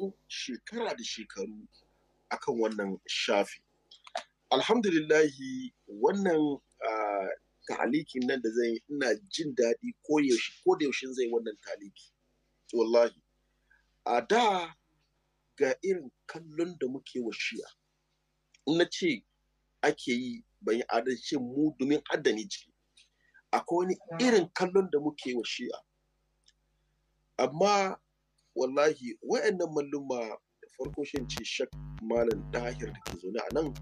karatu shekara da shekaru akan wannan shafi alhamdulillahi wannan ah, talikin nan da zai ina jin daɗi ko da yaushe zai wannan taliki wallahi a da ga irin kallon da muke wa shiya na ce ake yi bayan adalci mu domin adani ciki akwai wani irin kallon da muke wa shi'a amma wallahi wa'annan malluma da farko shi ce shak malam dahir da ke zaune a nan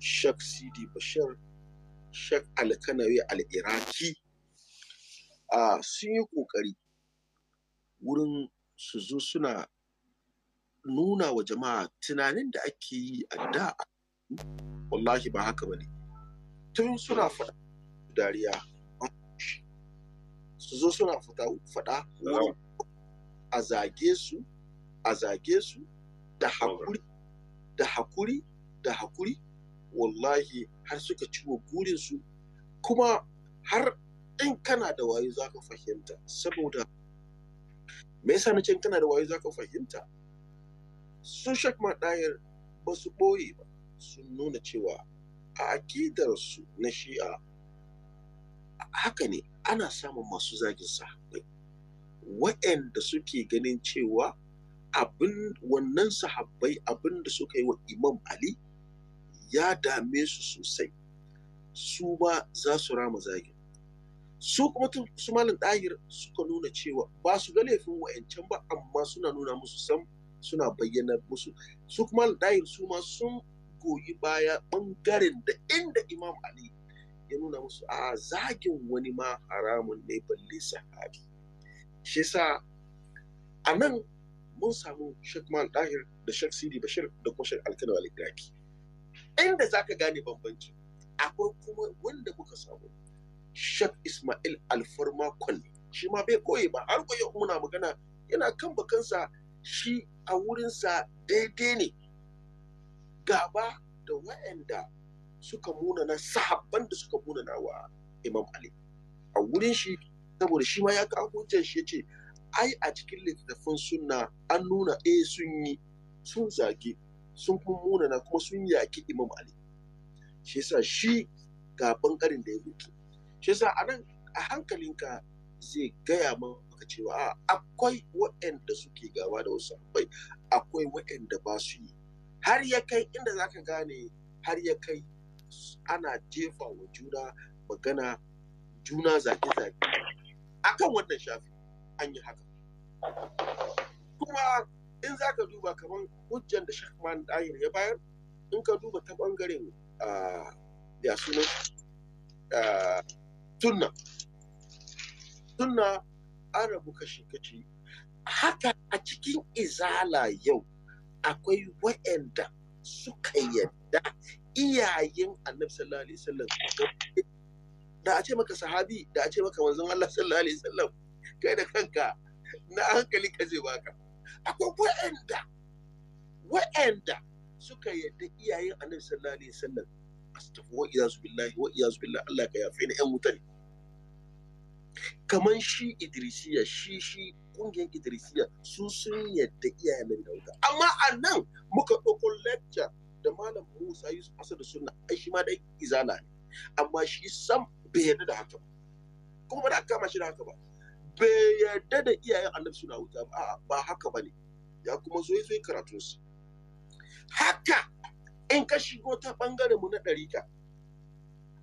shak sidi bashir shak alkanawi al'iraki a sun yi ƙoƙari wurin su zo suna nuna wa jama'a tunanin da ake yi a da wallahi ba haka ba ne tun suna fada dariya su zo suna faɗa a zage su a zage su da hakuri da hakuri da hakuri wallahi har suka gurin su kuma har in kana da wayo za ka fahimta saboda me yasa na kana da wayo za ka fahimta sun shakma ɗayar ba su ɓoye ba sun nuna cewa a su na shi'a haka ne ana samun masu zagin sa waɗanda suke ganin cewa abin wannan sahabbai abin da suka yi wa imam ali ya dame su sosai su ba za su rama zagin su kuma su malin ɗahir suka nuna cewa ba su ga laifin wa'ancan ba amma suna nuna musu sam suna bayyana musu su kuma malin ɗahir su ma sun goyi baya ɓangaren da inda imam ali ya nuna musu a zagin wani ma haramun ne balle sahabi shi sa a nan mun samu Sheikh Man Dahir da Sheikh Sidi Bashir da kuma Sheikh Alkano al Inda inda ka gane bambanci akwai kuma wanda kuka samu Sheikh Ismail Alfarma Kwalli shi ma bai koyi ba har koyi muna magana yana kan bakansa shi a wurinsa daidai ne gaba da wa'anda suka munana sahabban da suka munana wa Imam Ali a wurin shi saboda shi ma ya kawo hujjar shi ce, ai a cikin littattafan sunna an nuna e sun yi sun zage sun kuma munana kuma sun yaki imam ali shi yasa shi ga bangaren da ya roki shi yasa a nan a hankalinka zai gaya ma maka cewa akwai waɗanda suke gaba da wasu akwai akwai waɗanda ba su yi har ya kai inda za ka gane har ya kai ana jefa wa juna magana juna zage-zage akan wannan shafi an yi haka kuma in za ka duba kamar hujjan da shakman dahir ya bayar in ka duba ta bangaren ah, ya suna tunna ah, tunna an rabu kashi-kashi haka a cikin izala yau akwai waɗanda suka yadda iyayen annabi sallallahu alaihi wasallam da a ce maka sahabi da a ce maka manzon Allah sallallahu alaihi wasallam kai da kanka na hankali ka je baka akwai wa'anda wa'anda suka yadda iyayen annabi sallallahu alaihi wasallam astaghfiru wa iyazu billahi wa iyazu billahi Allah ka yafe ni ƴan wuta ne kaman shi idrisiya shi shi kungiyar idrisiya su sun yadda iyayen annabi da wuta amma a muka ɗauko lecture da malam Musa Yusuf Asadu Sunna ai shi ma dai izala ne amma shi sam bai yarda da haka ba kuma ba da kama shi da haka ba bai yarda da iyayen annabi suna wuta ba ba haka ba ne ya kuma zo zo karatun su haka in ka shigo ta bangaren mu na ɗarika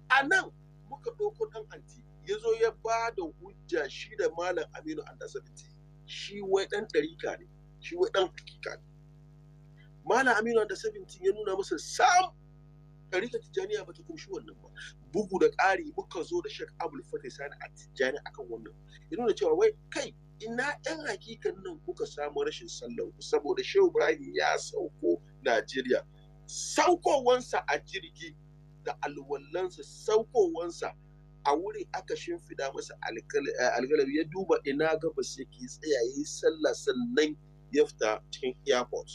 a nan muka ɗauko ɗan anti ya zo ya ba da hujja shi da malam aminu sabiti shi wai ɗan ka ne shi wai ɗan hakika ne malam aminu andasabiti ya nuna masa sam ta tijaniya ba ta kunshi wannan ba bugu da ƙari muka zo da shek abul fatih sani a tijjani akan wannan ya nuna cewa wai kai ina ɗan hakikan nan kuka samu rashin sallan ku saboda shehu ibrahim ya sauko najeriya saukowansa a jirgi da alwallansa saukowansa a wuri aka shimfida masa alkalabi eh, ya duba ina gabas yake tsaya ya yi sallah sannan ya fita cikin airport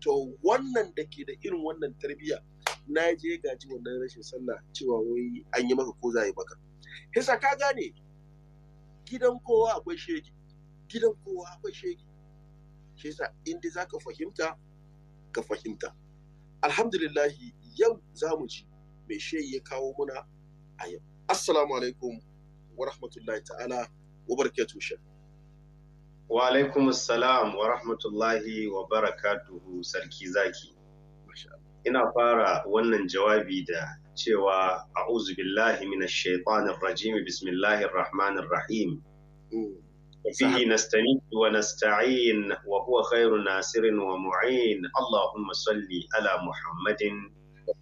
to wannan da ke da irin wannan tarbiyya na je gaji wannan rashin sallah cewa wai an yi maka ko za yi maka hisa ka gane gidan kowa akwai shege gidan kowa akwai shege shi yasa inda za ka fahimta ka fahimta alhamdulillahi yau za mu ji mai shehi ya kawo muna a yau assalamu alaikum wa rahmatullahi ta'ala wa barakatuhu shekara Wa alaikum salam wa rahmatullahi wa barakatuhu sarki zaki. ina fara wannan jawabi da cewa A'uzubillahi mina minash shaitanir rajim bismillahir rahmanir rahim fihi hmm. nasta'in wa nasta'in wa huwa khairu nasirin wa mu'in allahumma salli ala muhammadin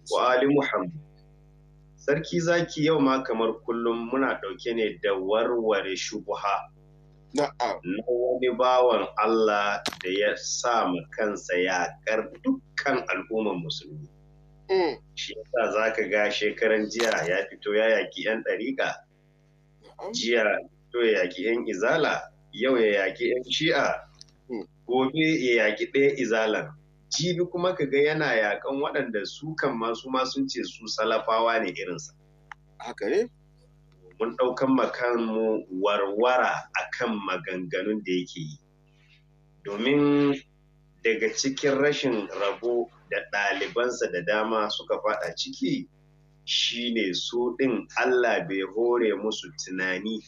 wa ali muhammad sarki zaki yau ma kamar kullum muna dauke ne da warware shubuha na wani bawan Allah da ya sa mu kansa yaƙar dukkan al'ummar musulmi. Mm. Shi yasa za ka ga shekaran jiya ya fito ya yaƙi 'yan ɗariƙa, jiya to ya yaƙi 'yan izala, yau ya yaƙi 'yan shi'a, mm. gobe ya yaƙi ɗaya izalan. Jibi kuma ka ga yana yaƙan waɗanda su kan masu masu ce su salafawa ne irinsa. Haka ne? mun ɗaukan kanmu warwara kan maganganun da yake yi domin daga cikin rashin rabo da ɗalibansa da dama suka faɗa ciki shine su ɗin Allah bai hore musu tunani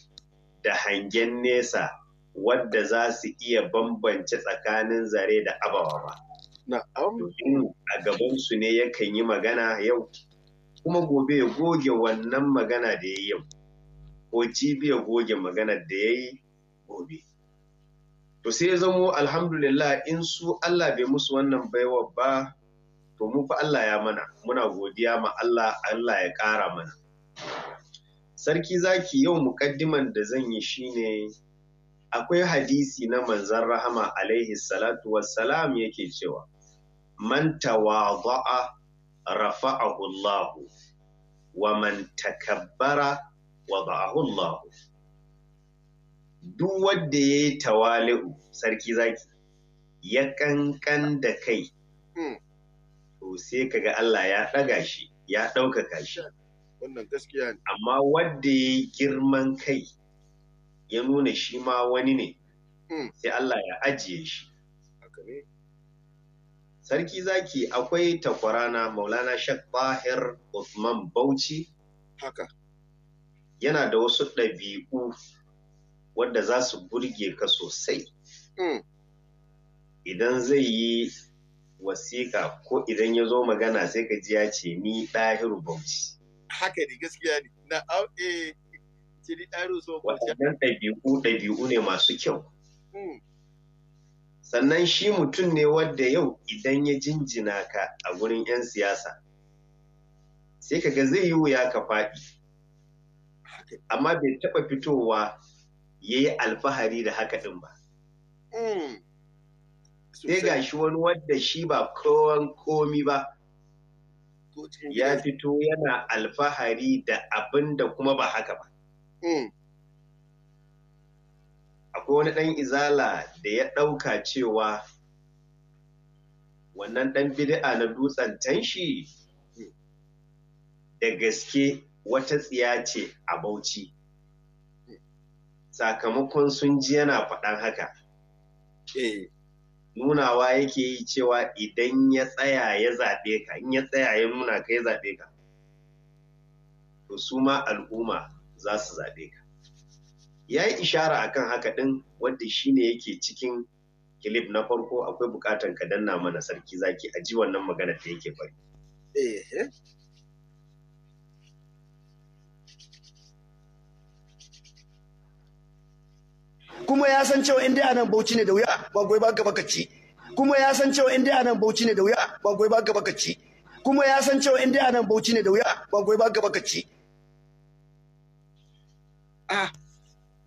da hangen nesa wadda za su iya bambance tsakanin zare da abawa ba. A gabansu ne yakan yi magana yau, kuma gobe goge wannan magana da ya yi yau. ko jibiya goge maganar da ya yi gobe to sai ya zamo alhamdulillah in su Allah bai musu wannan baiwa ba to mu fa Allah ya mana muna godiya ma Allah Allah ya ƙara mana sarki zaki yau muƙaddiman da zan yi shi ne akwai hadisi na manzan rahama alaihi salatu wassalam yake cewa man tawadha'a rafa'ahu Allah wa man takabbara wada'ahu Allah duk wanda yayi tawali'u sarki zaki ya kankan da kai hmm. to sai kaga Allah ya daga shi ya ɗaukaka shi wannan gaskiya ne amma wanda yayi girman kai ya nuna shi ma wani ne hmm. sai Allah ya ajiye shi sarki zaki akwai takwarana maulana shak bahir usman bauchi haka yana da wasu ɗabi'u wanda za su burge ka sosai hmm. idan zai yi wasiƙa ko idan ya zo magana sai ka ji ya ce ni ɗahiru bauchi haka ne gaskiya ne na auɗe eh, ce ni ɗahiru so bauchi waɗannan ɗabi'u ɗabi'u ne masu kyau hmm. sannan shi mutum ne wadda yau idan ya jinjina ka a gurin 'yan siyasa sai kaga zai yi wuya ka faɗi amma bai taɓa fitowa ya yi alfahari da haka ɗin ba. Mm. Sai ga shi wani wadda shi ba kowan komi ba, ya fito yana alfahari da abin da kuma ba haka ba. Mm. Akwai wani ɗan izala da ya ɗauka cewa wannan ɗan bid'a na dutsen tanshi mm. da gaske wata tsiya ce a bauchi sakamakon sun ji yana faɗan haka eh. nunawa yake yi cewa idan ya tsaya ya zaɓe ka in ya tsaya ya nuna ka ya zaɓe ka to su ma al'umma za su zaɓe ka ya yi ishara a kan haka ɗin wanda shi ne yake cikin kilif na farko akwai bukatan ka danna mana sarki zaki a ji wannan magana da yake fari eh, eh. kuma ya san cewa inda dai bauchi ne da wuya ba goyi ba gaba kaci kuma ya san cewa inda dai bauchi ne da wuya ba goyi ba gaba kaci kuma ya san cewa inda dai bauchi ne da wuya ba goyi ba gaba kaci ah,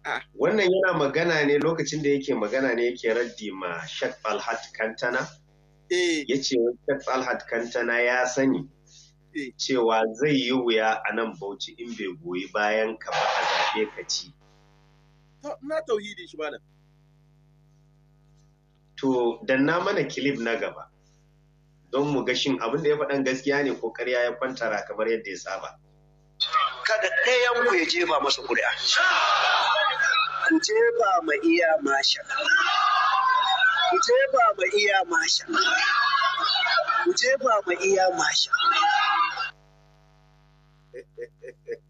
ah wannan yana magana ne lokacin da yake magana ne yake raddi ma Sheikh Alhad Kantana eh yace Sheikh Alhad Kantana ya sani eh. cewa zai yi wuya a nan Bauchi in bai goyi bayan ka ba a zaɓe ka ci na tauhidin shi malam to danna mana kilif na gaba don mu ga shi abin da ya faɗan gaskiya ne ko ƙarya ya kwantara kamar yadda ya saba kada ɗayan ku ya jefa masa ƙuri'a ku jefa ma iya masha ku jefa ma iya masha ku jefa ma iya masha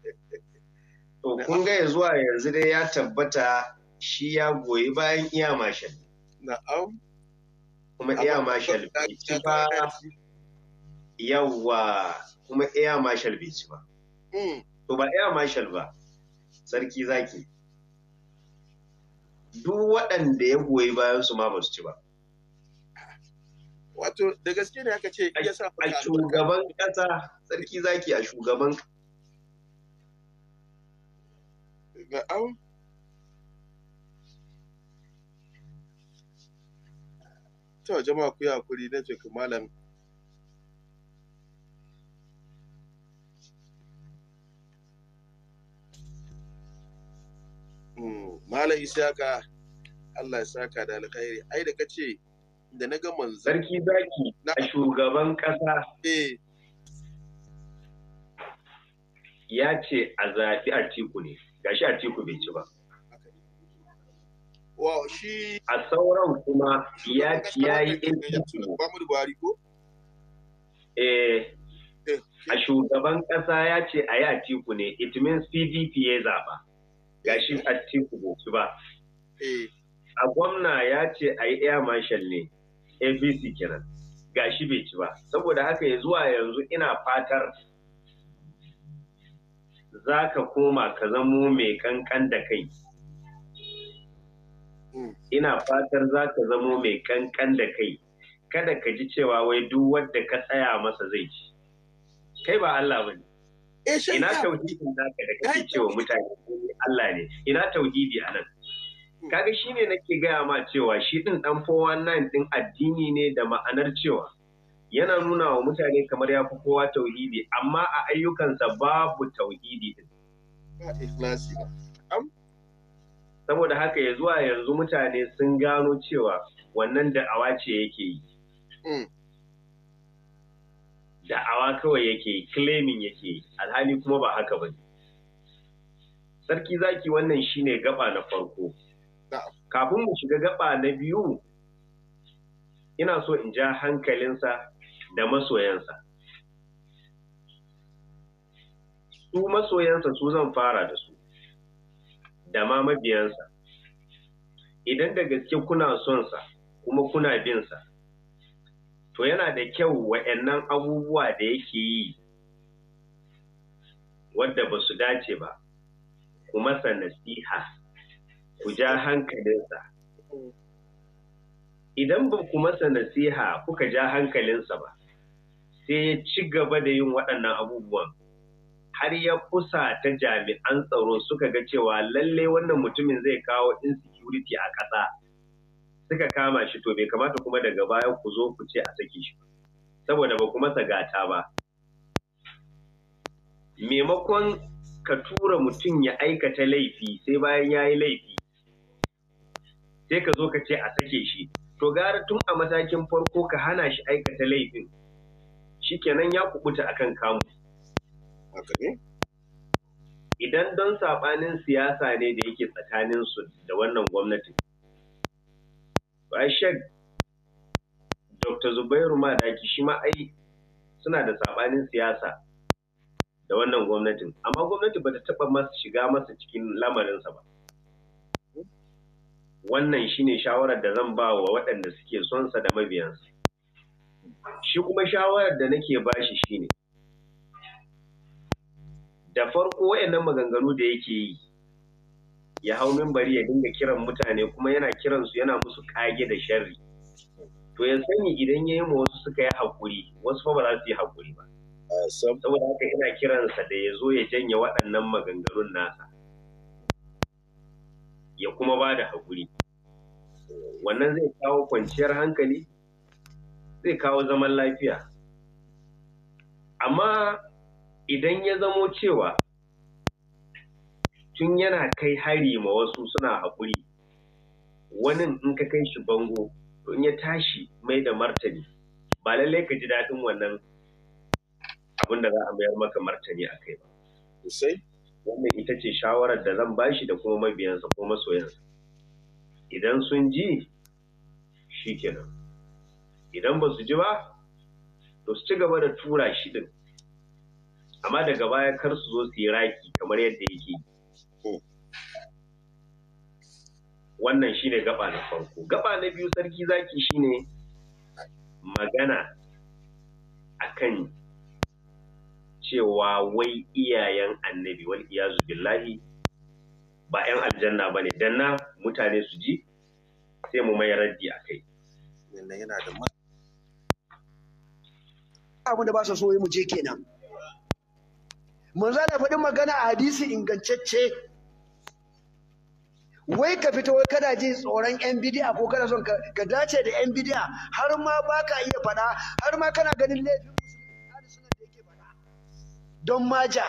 To kun ga zuwa yanzu dai ya tabbata shi ya goyi bayan iya mashal. Na'am. Kuma iya mashal bai ci ba. Yawwa kuma iya mashal bai ci ba. Hmm. To ba iya mashal ba. Sarki zaki. Duk waɗanda ya goyi bayan su ma ba su ci ba. Wato da gaske ne aka ce sa a shugaban ƙasa sarki zaki a shugaban na'am to jama'a ku yi hakuri na ce malam hmm, Malam Isaka Allah ya saka da alkhairi ai da kace da na ga manzo sarki zaki a shugaban kasa eh ya ce a zafi Atiku ne gashi a tiku bai ci ba a sauran kuma ya ya yi eh, eh a shugaban ƙasa ya ce a yi tiku ne it means pdp ya zaba gashi a tiku bai ci ba eh. a gwamna ya ce a yi air marshal ne apc kenan gashi bai ci ba saboda haka ya zuwa yanzu ina fatar za ka koma ka zamo mai kankan da kai hmm. ina fatar za ka zamo mai kankan da kai kada ka ji cewa wai duk wadda ka tsaya masa zai ci kai ba Allah bane eh, ina tauhidin ka da kake cewa mutane Allah ne ina tauhidi a nan hmm. kaga shine nake gaya ma cewa shi din dan 419 din addini ne da ma'anar cewa yana nuna wa mutane kamar ya fi kowa tauhidi amma a ayyukansa babu tauhidi din saboda haka ya zuwa yanzu mutane sun gano cewa wannan da'awa ce yake yi mm. awa kawai yake yi claiming yake yi alhali kuma ba haka ba sarki zaki wannan shine gaba na farko kafin mu shiga gaba na biyu ina so in ja hankalinsa da masoyansa su masoyansa su zan fara da su da ma mabiyansa idan da gaske kuna son sa kuma kuna binsa to yana da kyau wayannan abubuwa da yake yi wadda ba su dace ba ku masa nasiha ku ja hankalinsa mm. idan ba ku masa nasiha kuka ja hankalinsa ba sai ya ci gaba da yin waɗannan abubuwan har ya kusa ta jami'an tsaro suka ga cewa lalle wannan mutumin zai kawo insecurity a ƙasa suka kama shi to bai kamata kuma daga baya ku zo ku ce a sake shi saboda ba kuma sagata ba maimakon ka tura mutum ya aikata laifi sai bayan ya yi laifi sai ka zo ka ce a sake shi to gara tun a matakin farko ka hana shi aikata laifin shikenan ya kubuta akan kamu idan don saɓanin siyasa ne da yake tsakanin su da wannan gwamnatin ba shek dr zubairu madaki shi ma ai suna da saɓanin siyasa da wannan gwamnatin amma gwamnati bata taɓa masa shiga masa cikin lamarinsa ba wannan shine shawarar da zan ba wa waɗanda suke sonsa da mabiyansa shi kuma shawarar da nake bashi shine da farko wayannan maganganu da yake yi ya hau mimbari ya dinga kiran mutane kuma yana kiran su yana musu kage da sharri to ya sani idan yayi ma wasu suka yi hakuri wasu fa ba za su yi hakuri ba saboda haka ina kiransa da ya zo ya janye waɗannan maganganun nasa ya kuma ba da hakuri wannan zai kawo kwanciyar hankali zai kawo zaman lafiya amma idan ya zamo cewa tun yana kai hari ma wasu suna haƙuri wani in ka kai shi bango in ya tashi mai da martani ba lallai ka ji daɗin wannan abin da za a mayar maka martani a kai ba sosai wannan ita ce shawarar da zan bashi da kuma mabiyansa ko masoyansa idan sun ji shi kenan idan ba su ji ba to su ci gaba da tura shi din amma daga baya kar su zo su yi raki kamar yadda yake wannan shine gaba na farko gaba na biyu sarki zaki shine magana akan cewa wai iyayen annabi wal iyazu billahi ba 'yan aljanna ba ne dan na mutane su ji sai mu mai raddi a kai yana da abin da ba su so mu je kenan manzo zana faɗin magana a hadisi ingantacce wai ka fito wai kada jin tsoron yan bidi'a ko kada son ka dace da yan bidi'a har ma baka iya faɗa har ma kana ganin laifin musulmi da yake faɗa don maja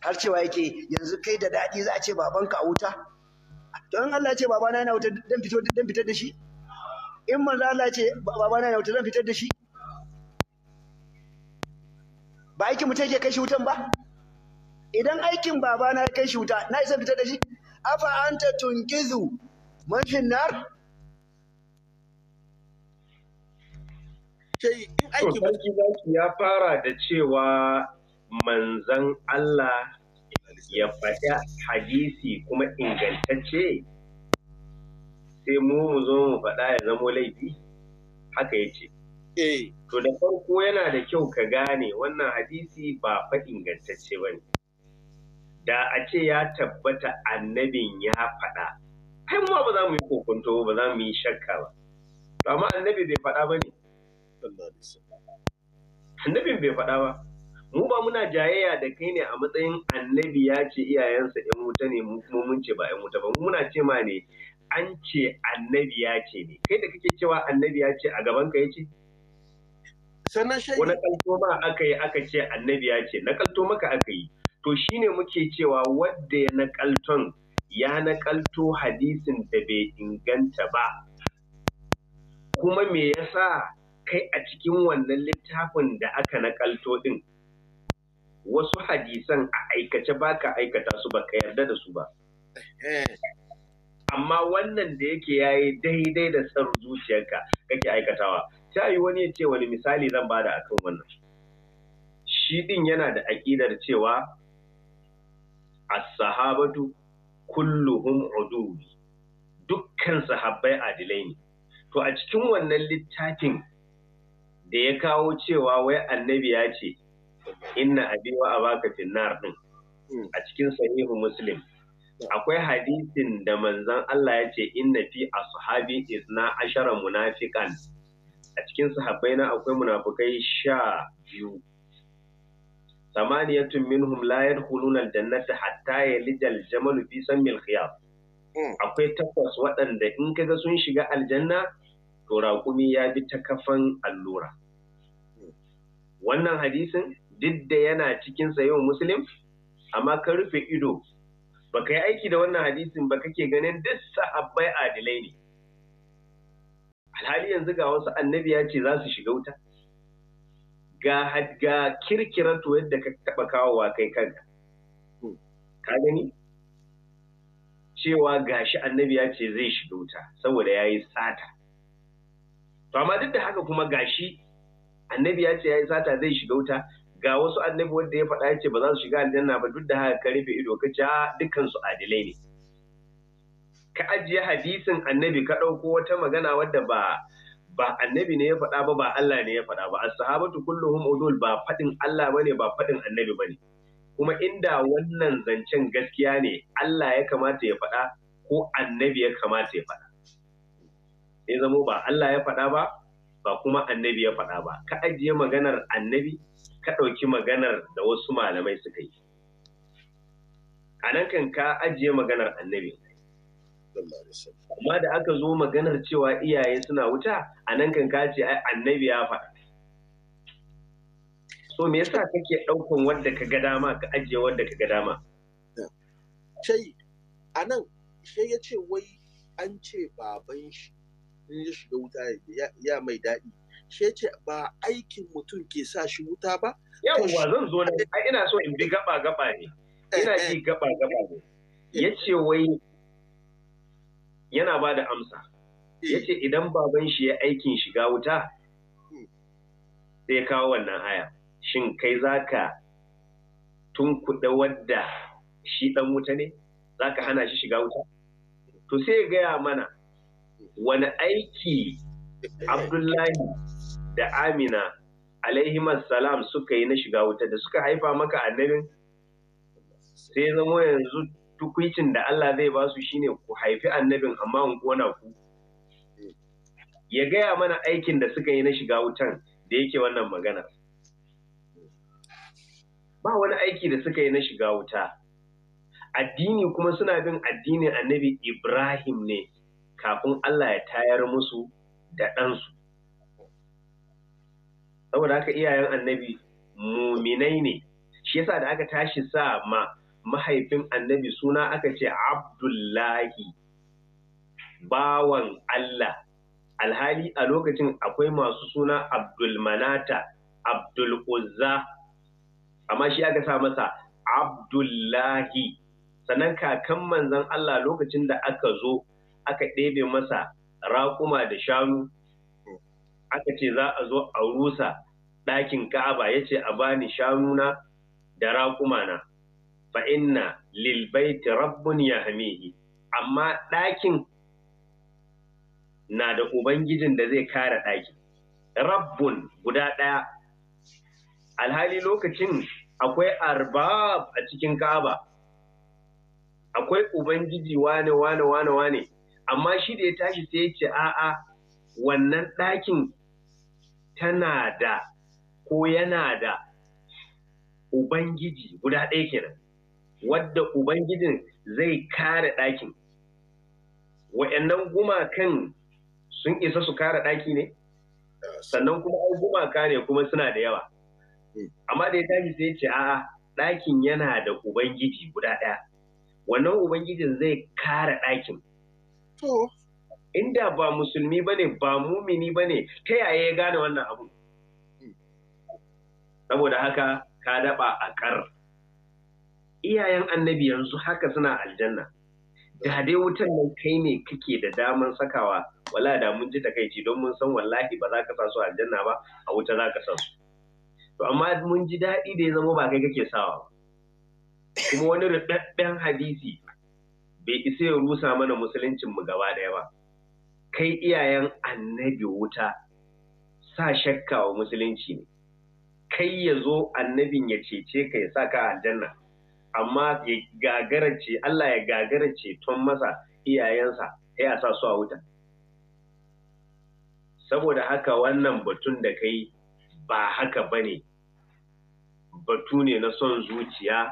har cewa yake yanzu kai da daɗi za a ce babanka a wuta to in Allah ce babana yana wuta dan fito dan fitar da shi in manzo Allah ce babana yana wuta dan fitar da shi ba aikin mutum yake kai shi wutan ba idan aikin babana ya kai shi wuta na isa fita da shi afa anta tunkizu man finnar ya fara da cewa manzan Allah ya faɗi hadisi kuma ingantacce sai mu mu zo mu faɗa ya zamo laifi haka yace. Eh, to da farko yana da kyau ka gane wannan hadisi ba fa ingantacce ba ne da a ce ya tabbata annabin ya faɗa Kai mu ba za mu yi kokonto ba za mu yi shakka ba amma annabi bai faɗa ba ne annabin bai faɗa ba mu ba muna jayayya da kai ne a matsayin annabi ya ce iyayensa yan wuta ne mu kuma mun ce ba yan wuta ba muna ce ma ne an ce annabi ya ce ne kai da kake cewa annabi ya ce a gaban ka ya ce sannan wani kalto ma aka yi aka ce annabi ya ce na kalto maka aka yi to shine muke cewa wanda ya na kalton ya na kalto hadisin da bai inganta ba kuma me yasa kai a cikin wannan littafin da aka na kalto din wasu hadisan a aikace baka aikata su baka yarda da su ba eh. amma wannan da yake yayi daidai da tsarin zuciyarka kake aikatawa ta yi wani ya ce wani misali zan bada akan wannan shi din yana da aƙidar cewa as-sahabatu kulluhum udubi dukkan sahabbai adilai ne to a cikin wannan littafin da ya kawo cewa wai annabi ya ce inna abi wa abaka finnar din a cikin sahihu muslim akwai hadisin da manzon Allah ya ce inna fi ashabi isna ashara munafiqan a cikin sahabbai na akwai munafukai sha biyu samaniyatun minhum la yadkhuluna jannata hatta al-jamal fi sammil khiyar hmm. akwai takwas waɗanda in kaga sun shiga aljanna to raƙumi ya bi ta kafan allura wannan hadisin duk da yana cikin sayo muslim amma ka rufe ido baka yi aiki da wannan hadisin ba kake ganin duk sahabbai adilai ne alhali yanzu ga wasu annabi ce za su shiga wuta ga ga kirkirar to yadda ka taba kawowa kai kanka ka gani cewa gashi annabi ce zai shiga wuta saboda ya yi sata to amma duk da haka kuma gashi annabi ya ce ya yi sata zai shiga wuta ga wasu annabi wanda ya faɗa ya ce ba za su shiga aljanna ba duk da haka ka rufe ido ka ce ah, dukkan su adilai ne ka ajiye hadisin annabi ka ɗauko wata magana wadda ba ba annabi ne ya faɗa ba ba Allah ne ya faɗa ba as-sahabatu kulluhum udul ba faɗin Allah bane ba faɗin annabi bane kuma inda wannan zancen gaskiya ne Allah ya kamata ya faɗa ko annabi ya kamata ya faɗa sai zamo ba Allah ya faɗa ba ba kuma annabi ya faɗa ba ka ajiye maganar annabi ka ɗauki maganar da wasu malamai suka yi a nan kan ka ajiye maganar annabi sallallahu alaihi amma da aka zo maganar cewa iyaye suna wuta a nan kan kace ai annabi ya faɗa so me yasa kake ɗaukan wanda ka ga dama ka ajiye wanda ka ga dama sai a nan sai ya ce wai an ce baban shi in ya shiga wuta ya mai daɗi shi ce ba aikin mutum ke sa shi wuta ba yawwa zan zo na ina so in bi gaba gaba ne eh, ina eh. ji gaba gaba ne eh. ya ce wai yana ba da amsa eh. ya ce idan baban shi ya aikin shiga wuta hmm. sai kawo wannan haya. shin kai za zaka tunkuɗa wadda shi ɗan wuta ne Za ka hana shi shiga wuta to sai ya gaya mana wani aiki abdullahi da amina alaihimar salam suka yi na shiga wuta da suka haifa maka annabin sai zama yanzu hukuncin da Allah zai ba su shine ku haifi annabin amma in kona ku ya gaya mana aikin da suka yi na shiga wutan da yake wannan magana ba wani aiki da suka yi na shiga wuta addini kuma suna bin addinin annabi Ibrahim ne kafin Allah ya tayar musu da ɗansu saboda haka iyayen annabi muminai ne shi yasa da aka tashi sa ma mahaifin annabi suna aka ce abdullahi bawan Allah alhali a lokacin akwai masu suna abdulmanata abduluzza amma shi aka sa masa abdullahi sannan kakan manzan Allah lokacin da aka zo aka ɗebe masa raƙuma da shanu aka ce za a zo a rusa ɗakin ka'aba ya ce a bani shanuna da Raƙuma na. fa inna lil baiti rabbun yahmihi amma ɗakin na da ubangijin da zai kare ɗakin rabbun guda ɗaya alhali lokacin akwai arbab a cikin ka'aba akwai ubangiji wane wane wane wane amma shi da ya tashi sai ya ce a'a wannan ɗakin tana da ko yana da ubangiji guda ɗaya kenan wadda ubangijin zai kare ɗakin wayannan gumakan sun isa su kare ɗaki ne sannan kuma an gumaka ne kuma suna da yawa amma da ya tashi sai ce a'a ɗakin yana da ubangiji guda ɗaya wannan ubangijin zai kare ɗakin inda ba musulmi ba ne ba mumini ba ne ta yaya ya gane wannan abu saboda haka ka daɓa a ƙar iyayen annabi yanzu haka suna aljanna da dai wutan nan kai ne kake da daman sakawa wala da mun ji takaici don mun san wallahi ba za ka sa su aljanna ba a wuta za ka sa su to amma mun ji daɗi da ya zama ba kai kake sawa kuma wani rudadden hadisi bai isa ya rusa mana musuluncin mu gaba ɗaya ba kai iyayen annabi wuta sa shakka wa musulunci ne kai ya zo annabin ya cece ka ya sa ka aljanna amma ya gagarance Allah ya gagarance ton masa iyayensa ya sa su a wuta saboda haka wannan batun da kai ba haka bane batu ne na son zuciya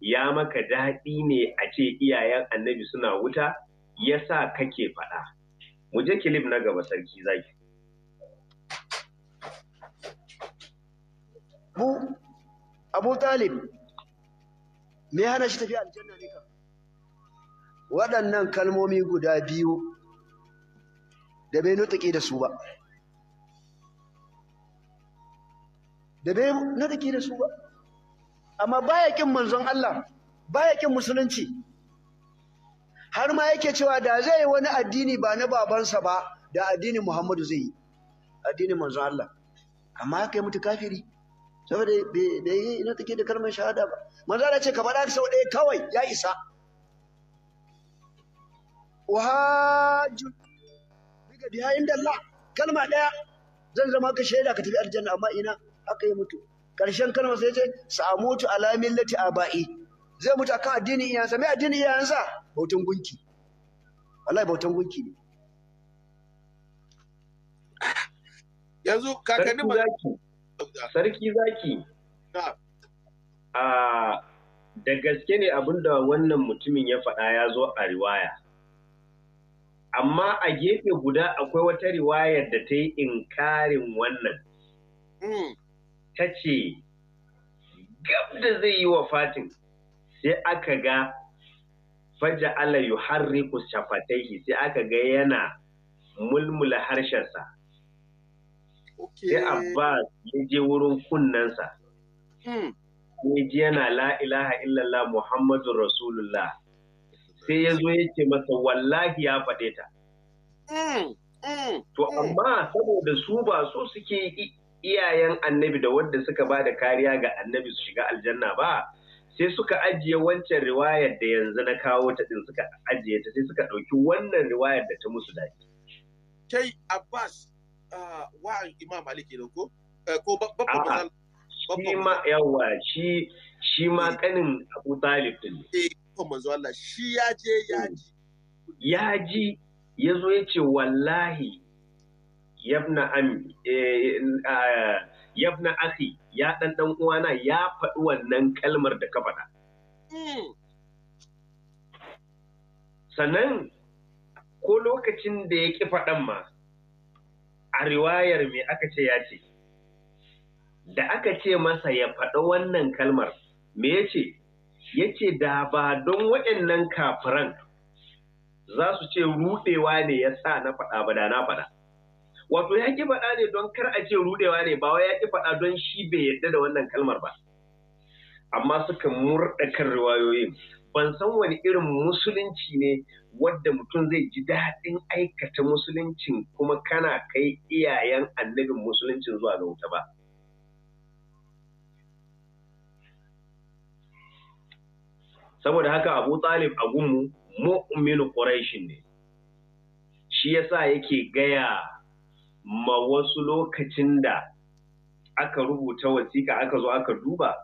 ya maka daɗi ne a ce iyayen annabi suna wuta ya sa kake faɗa mu je kilif na gaba sarki zaki mu abu talib me hana shi tafiya aljanna ne ka waɗannan kalmomi guda biyu da bai nutuki da su ba da bai nutuki da su ba amma baya kin manzon Allah baya kin musulunci har ma yake cewa da zai yi wani addini ba na babansa ba da addinin Muhammadu zai yi addinin manzon Allah amma haka yi mutu kafiri saboda bai yi nutuki da kalmar shahada ba manzo Allah ce ka faɗa sau ɗaya kawai ya isa wahaju daga biya da Allah kalma ɗaya zan zama ka shaida ka tafi aljanna amma ina aka yi mutu Ƙarshen kalmar sai ce samutu ala a abai zai mutu akan addinin iyayensa mai addinin iyayensa bautan gunki wallahi bautan gunki ne yanzu kakanni sarki zaki sarki zaki a da gaske ne abinda wannan mutumin ya faɗa ya zo a riwaya amma a gefe guda akwai wata riwayar da ta yi inkarin wannan hmm. ta ce gab da zai yi wa fatin sai aka ga faja alayu har harriku shafataihi sai aka ga yana mulmula harshensa sai abbas ya je wurin kunnensa hmm. ya ji yana la ilaha illallah Muhammadun Rasulullah sai ya zo ya ce masa wallahi ya faɗe ta. Eh, eh, to eh. amma saboda su ba so suke iyayen annabi da wadda suka ba da kariya ga annabi su shiga aljanna ba sai suka ajiye wancan riwayar da yanzu na kawo ta din suka ajiye ta sai suka ɗauki wannan riwayar da ta musu daɗi. Kai Abbas ah, wa'an Imam Ali ke ko? Ko babban shi ma yawa shi shi kanin Abu Talib din ne eh, manzo Allah shi ya je eh. ya ji ya ji ya zo ya ce wallahi yabna ami eh, yabna akhi ya dan dan uwana ya faɗi wannan kalmar da ka faɗa hmm. sannan ko lokacin da ya ƙi faɗan ma a riwayar me aka ce ya ce da aka ce masa ya faɗa wannan kalmar me ya ce ya ce da ba don waɗannan kafiran za su ce rudewa ne ya sa na faɗa ba da na faɗa wato ya ƙi faɗa ne don kar a ce rudewa ne ba wai ya ƙi faɗa don shi bai yarda da wannan kalmar ba amma suka murɗa kan riwayoyin ban san wani irin musulunci ne wadda mutum zai ji daɗin aikata musuluncin kuma kana kai iyayen annabin musuluncin zuwa ga wuta ba. saboda haka abu talib a gunmu mu'minu quraishin ne shi yasa yake gaya ma wasu lokacin da aka rubuta wasiƙa aka zo aka duba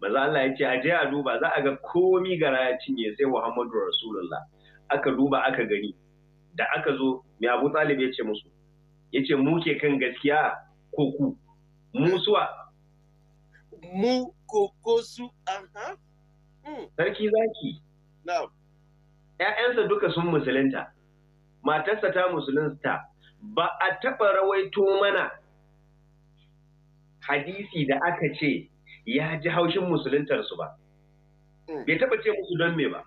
maza Allah ya ce a je a duba za a ga komi gara ya cinye sai Muhammadu Rasulullah aka duba aka gani da aka zo mai Abu Talib ya ce musu ya ce mu ke kan gaskiya ko ku suwa mu ko ko su aha Hmm. sarki zaki ‘ya'yansa duka sun musulunta matarsa ta musulunta ba a taɓa rawaito mana hadisi da aka ce ya ji haushin musuluntarsu ba hmm. bai taɓa ce musu don me ba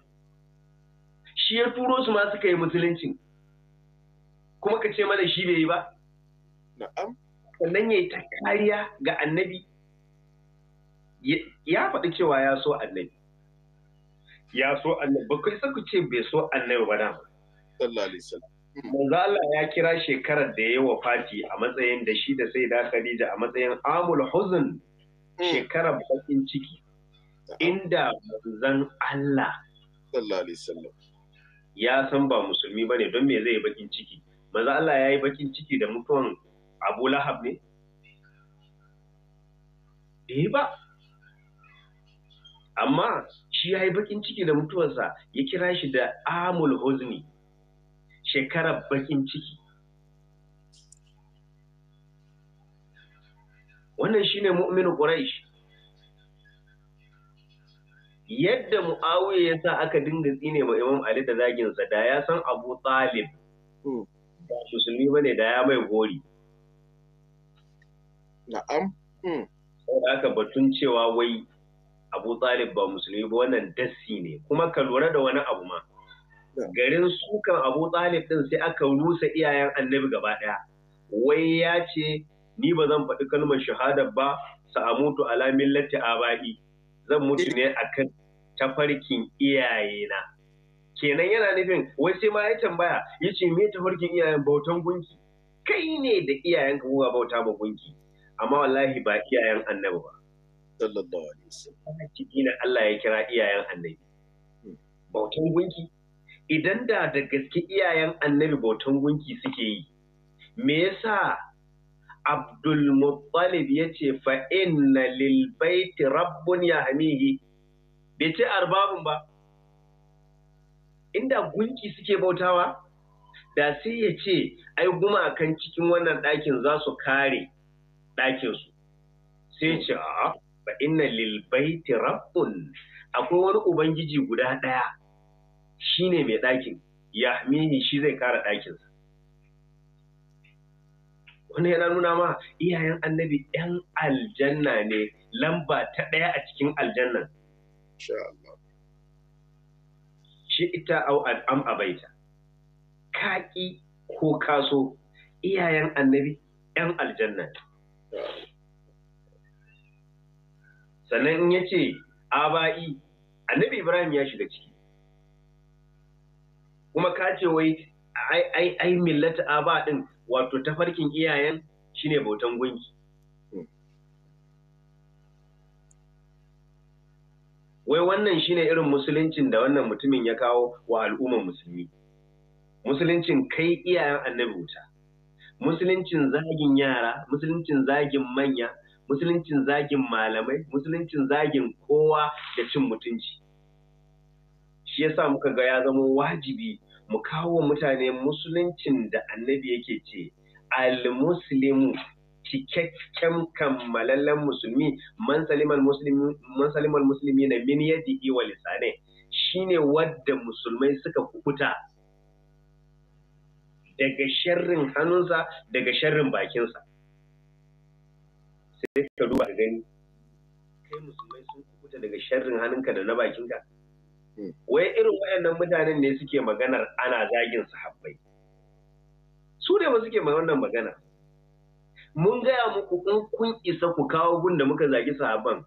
shi ya turo su ma suka yi musuluncin kuma ka ce mana shi bai yi ba sannan ya yi ta kariya ga annabi ya faɗi cewa ya so annabi ya so annabi ba kai ku ce bai so annabi ba dama sallallahu alaihi wasallam manzo Allah ya kira shekarar da ya wafati a matsayin da shi da sai da Khadija a matsayin amul huzn hmm. shekarar bakin ciki inda manzon Allah sallallahu alaihi wasallam ya san ba musulmi bane don me zai bakin ciki manzo Allah ya yi bakin ciki da mutuwan Abu Lahab ne eh ba amma shi ya yi bakin ciki da mutuwarsa ya kira shi da amul huzni shekarar bakin ciki wannan shi ne mu'minu quraish yadda mu'awiya ya sa aka dinga tsine ma imam ali da zaginsa da ya san abu talib hmm. ba musulmi ba ne da ya mai gori na'am hmm. aka batun cewa wai abu talib ba musulmi ba wannan dasi ne kuma ka lura da wani abu ma garin sukan abu talib din sai aka rusa iyayen annabi gaba ɗaya wai ya ce ni ba zan faɗi kalmar shahada ba sa'amutu ala millati aba'i zan mutu ne akan tafarkin iyayena kenan yana nufin wai sai ma ya tambaya ya me tafarkin iyayen bautan gunki kai ne da iyayenka ba bauta ba gunki amma wallahi ba iyayen annabi ba sallallahu alaihi Allah ya kira iyayen annabi hmm. bautan gunki idan da da gaske iyayen annabi bautan gunki suke yi me yasa Abdul Muttalib ya ce fa inna lil baiti rabbun yahmihi bai ce arbabun ba inda gunki suke bautawa da sai ya ce ai gumakan cikin wannan ɗakin za su kare ɗakinsu sai ce a Ba inna lil baiti rabbun akwai wani ubangiji guda ɗaya shine mai ɗakin yahmihi shi zai kara ɗakinsa wannan yana nuna ma iyayen annabi yan aljanna ne lamba ta ɗaya a cikin aljannan shi ita au al'am abaita kaƙi ko kaso iyayen annabi yan aljanna ne sannan in ya ce aba'i annabi ibrahim ya shiga ciki kuma ka ce wai ai ai ai millata aba din wato tafarkin iyayen shine bautan gungi. wai wannan shine irin musuluncin da wannan mutumin ya kawo wa al'ummar musulmi musuluncin kai iyayen annabi wuta musuluncin zagin yara musuluncin zagin manya musuluncin zagin malamai musuluncin zagin kowa da cin mutunci shi yasa muka ga ya zama wajibi mu kawo mutane musuluncin da annabi yake ce al-muslimu cikakken kammalallen musulmi man salimal musulmi na min yadihi wa lisane shine wadda musulmai suka kukuta daga sharrin hannunsa daga sharrin bakinsa sai ka duba ka gani kai musulmai sun kuta daga sharrin hannunka da na bakinka hmm. wai irin wayannan mutanen ne suke maganar ana zagin sahabbai su ne ba suke mai wannan magana mun gaya muku in kun isa ku kawo gun da muka zagi sahabban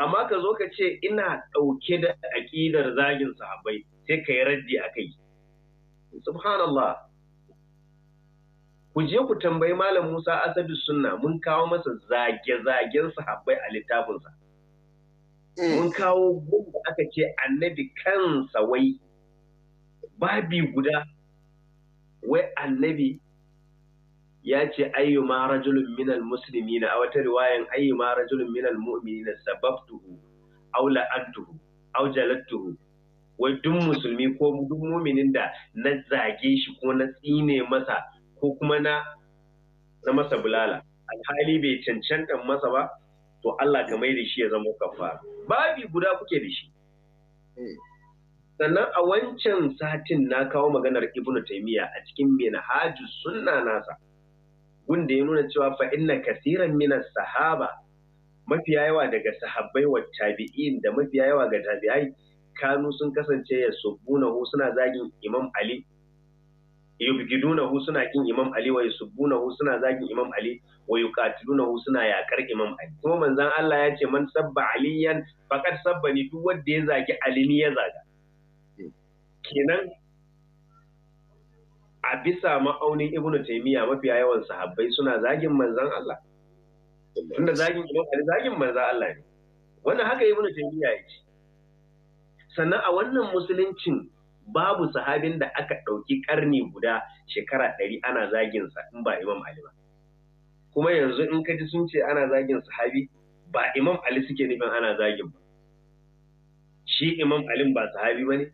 amma ka zo ka ce ina ɗauke da aƙidar zagin sahabbai sai ka yi raddi a kai subhanallah ku je ku tambayi malam Musa Asadu Sunna mun kawo masa zage-zagen sahabbai a littafinsa. Eh. Mun kawo gun da aka ce annabi kansa wai babi guda wai annabi ya ce ayyuma rajulun minal muslimina a wata riwayan ayyuma rajulun minal mu'minina sababtuhu aw la'antuhu aw jalattuhu wai duk musulmi ko duk muminin da na zage shi ko na tsine masa ko kuma na na masa bulala alhali bai cancanta masa ba to Allah ka mai da shi ya zama kafara babi guda kuke da shi eh. sannan a wancan satin na kawo maganar ibnu taymiya a cikin minhajus sunna nasa gunda ya nuna cewa fa inna kasiran minas sahaba mafiya yawa daga sahabbai wa tabi'in da mafiya yawa ga tabi'ai kanu sun kasance ya subbunahu suna zagin imam ali yubgidunahu suna kin imam ali wa yusubbunahu suna zagin imam ali wa yuqatilunahu suna yakar imam ali kuma manzon Allah ya ce man sabba aliyan faqad sabbani duk wanda ya zagi ali ne ya zaga kenan a bisa ma'aunin ibnu taymiya mafiya yawan sahabbai suna zagin manzon Allah tunda zagin imam ali zagin manzon Allah ne wannan haka ibnu taymiya ya ce sannan a wannan musuluncin babu sahabin da aka ɗauki ƙarni guda shekara ɗari ana zaginsa in ba imam Ali ba. Kuma yanzu in ka ji sun ce ana zagin sahabi ba imam Ali suke nufin ana zagin ba. Shi imam Ali ba sahabi ba ne?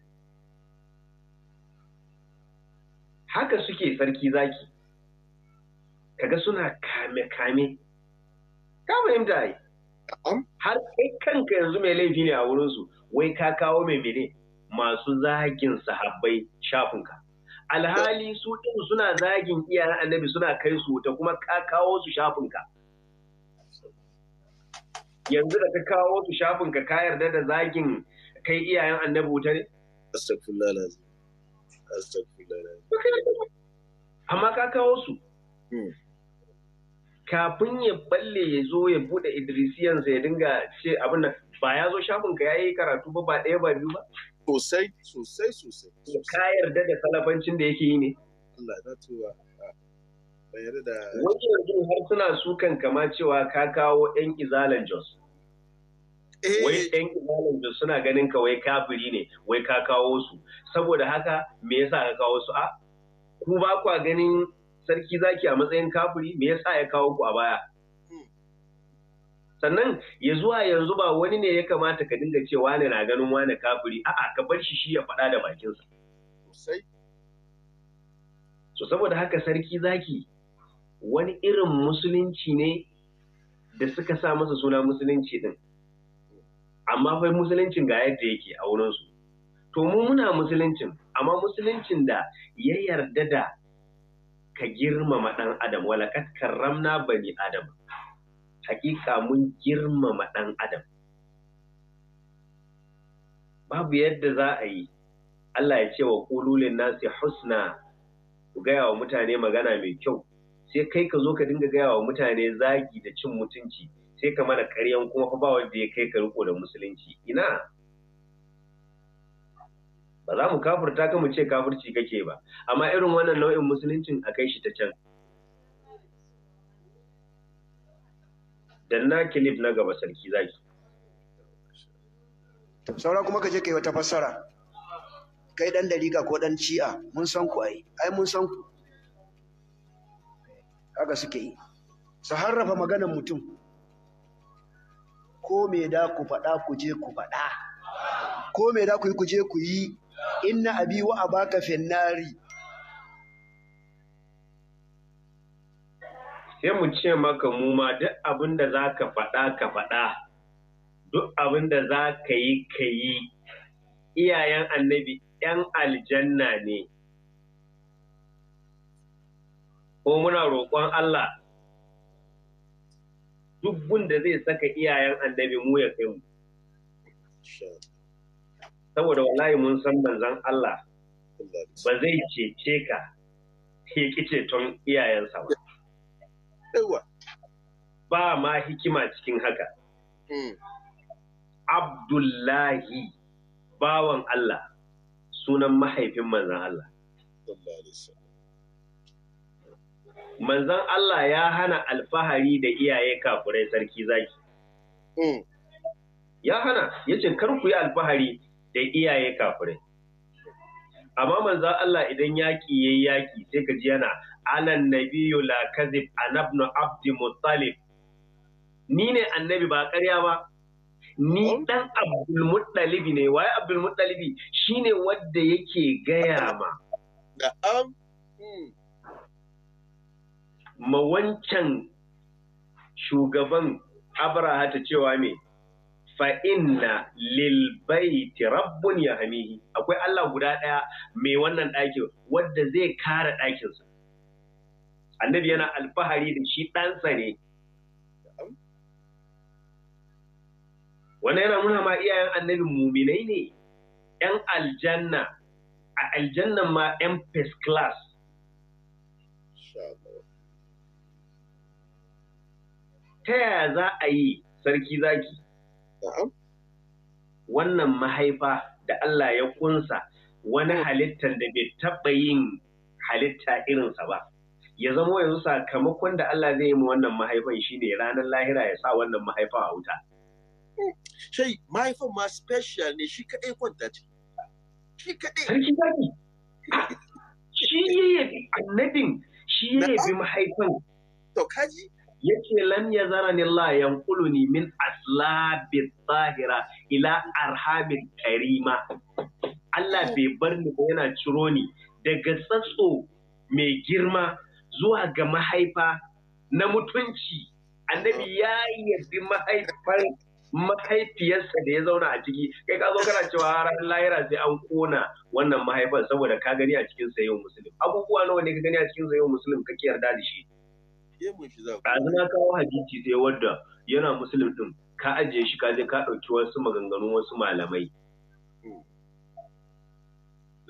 Haka suke sarki zaki. Kaga suna kame-kame. Ka fahimta ai. Har kai kanka yanzu mai laifi ne a wurinsu, wai ka kawo mai mene. masu zagin sahabbai shafinka alhali su din suna zagin iyayen annabi suna kai su ta kuma ka kawo su shafinka yanzu da ka kawo su shafinka ka yarda da zagin kai iyayen annabi wuta ne amma ka kawo su hmm. kafin ya balle ya zo ya bude idrisiyansa ya dinga ce abin nan ba ya zo shafinka ya yi karatu ba ba ɗaya ba biyu ba sosai sosai sosai ka yarda da salafancin da yake yi ne Allah na tuwa da wani yanzu har suna sukan kama cewa ka kawo yan izalan jos eh. wai yan izalan jos suna ganin ka wai kafiri ne wai ka kawo su saboda haka me yasa ka kawo su a ku ba kwa ganin sarki zaki a matsayin kafiri me yasa ya kawo ku a baya sannan ya zuwa yanzu ba wani ne ya kamata ka dinga cewa wane na ganin wani kafiri a'a ka bar shi shi ya faɗa da bakinsa sosai so saboda haka sarki zaki wani irin musulunci ne da suka sa masa suna musulunci din amma fa musuluncin ga yadda yake a wurinsu to mu muna musuluncin amma musuluncin da ya yarda da ka girmama ɗan adam walakat karramna bani adam hakika mun girmama ɗan adam babu yadda za a yi Allah ya ce wa ƙululin nasi husna ku gaya wa mutane magana mai kyau sai kai ka zo ka dinga gaya wa mutane zagi da cin mutunci sai ka mana ƙaryan kuma fa ba wanda ya kai ka riko da musulunci ina ba za mu kafurta ka mu ce kafurci kake ba amma irin wannan nau'in musuluncin a kai shi ta can na kilif na gaba sarki zaki saura kuma ka je kai wata fassara kai dan dalika ko dan ci'a mun san ku ai ai mun san ku haka suke yi su harrafa maganar mutum ko me da ku faɗa ku je ku faɗa ko me da ku yi ku je ku yi inna abi wa abaka finnari sai mu ce maka mu ma duk abin da za ka faɗa ka faɗa duk abin da za ka yi ka yi iyayen annabi ‘yan aljanna ne ko muna roƙon Allah duk da zai saka iyayen annabi mu ya kai mu saboda wallahi mun san manzon Allah ba zai cece ka ya ki ceton iyayensa ba ba ma hikima cikin haka hmm. abdullahi bawan Allah sunan mahaifin manzan Allah manzan Allah ya hana alfahari da iyaye kafurai sarki zaki hmm. ya hana ya ce kar ku yi alfahari da iyaye kafurai amma manzan Allah idan yaƙi ya yi yaƙi sai ka ji yana alan Nabiyu la kadhib anabnu abdi muttalib ni ne annabi ba ƙarya ba ni dan abdulmuttalib ne waye abdulmuttalib shine wanda yake gaya ma na'am ma wancan shugaban abraha ta cewa me fa inna lil baiti rabbun yahmihi akwai Allah guda daya mai wannan ɗakin wanda zai kare ɗakinsa annabi yana alfahari da shi ɗansa ne wannan yana nuna ma iyayen annabi muminai ne yan aljanna a aljannan ma yan first class ta yaya za a yi sarki zaki wannan mahaifa da Allah ya kunsa wani mm. halittar da bai taɓa yin halitta irinsa ba ya zamo yanzu sakamakon da Allah zai yi mu wannan mahaifan shine ranar lahira ya sa wannan mahaifa a wuta shai mahaifan ma special ne shi kaɗai kwanta ce shi kadai sarki zaki shi yayi annabin shi yayi bi mahaifan to kaji yace lam yazarani Allah yanquluni min Aslabin zahira ila arhamin karima Allah bai bar ni ba yana ciro ni daga tsatso mai girma zuwa ga mahaifa na mutunci annabi ya yi mahaifar mahaifiyarsa da ya zauna a ciki kai ka zo kana cewa ran lahira sai an kona wannan mahaifar saboda ka gani a cikin yau musulun abubuwa nawa ne ka gani a cikin yau musulun kake yarda da shi ɗazu na kawo hadisi sai wadda yana musulun din ka ajiye shi ka je ka ɗauki wasu maganganun wasu malamai hmm.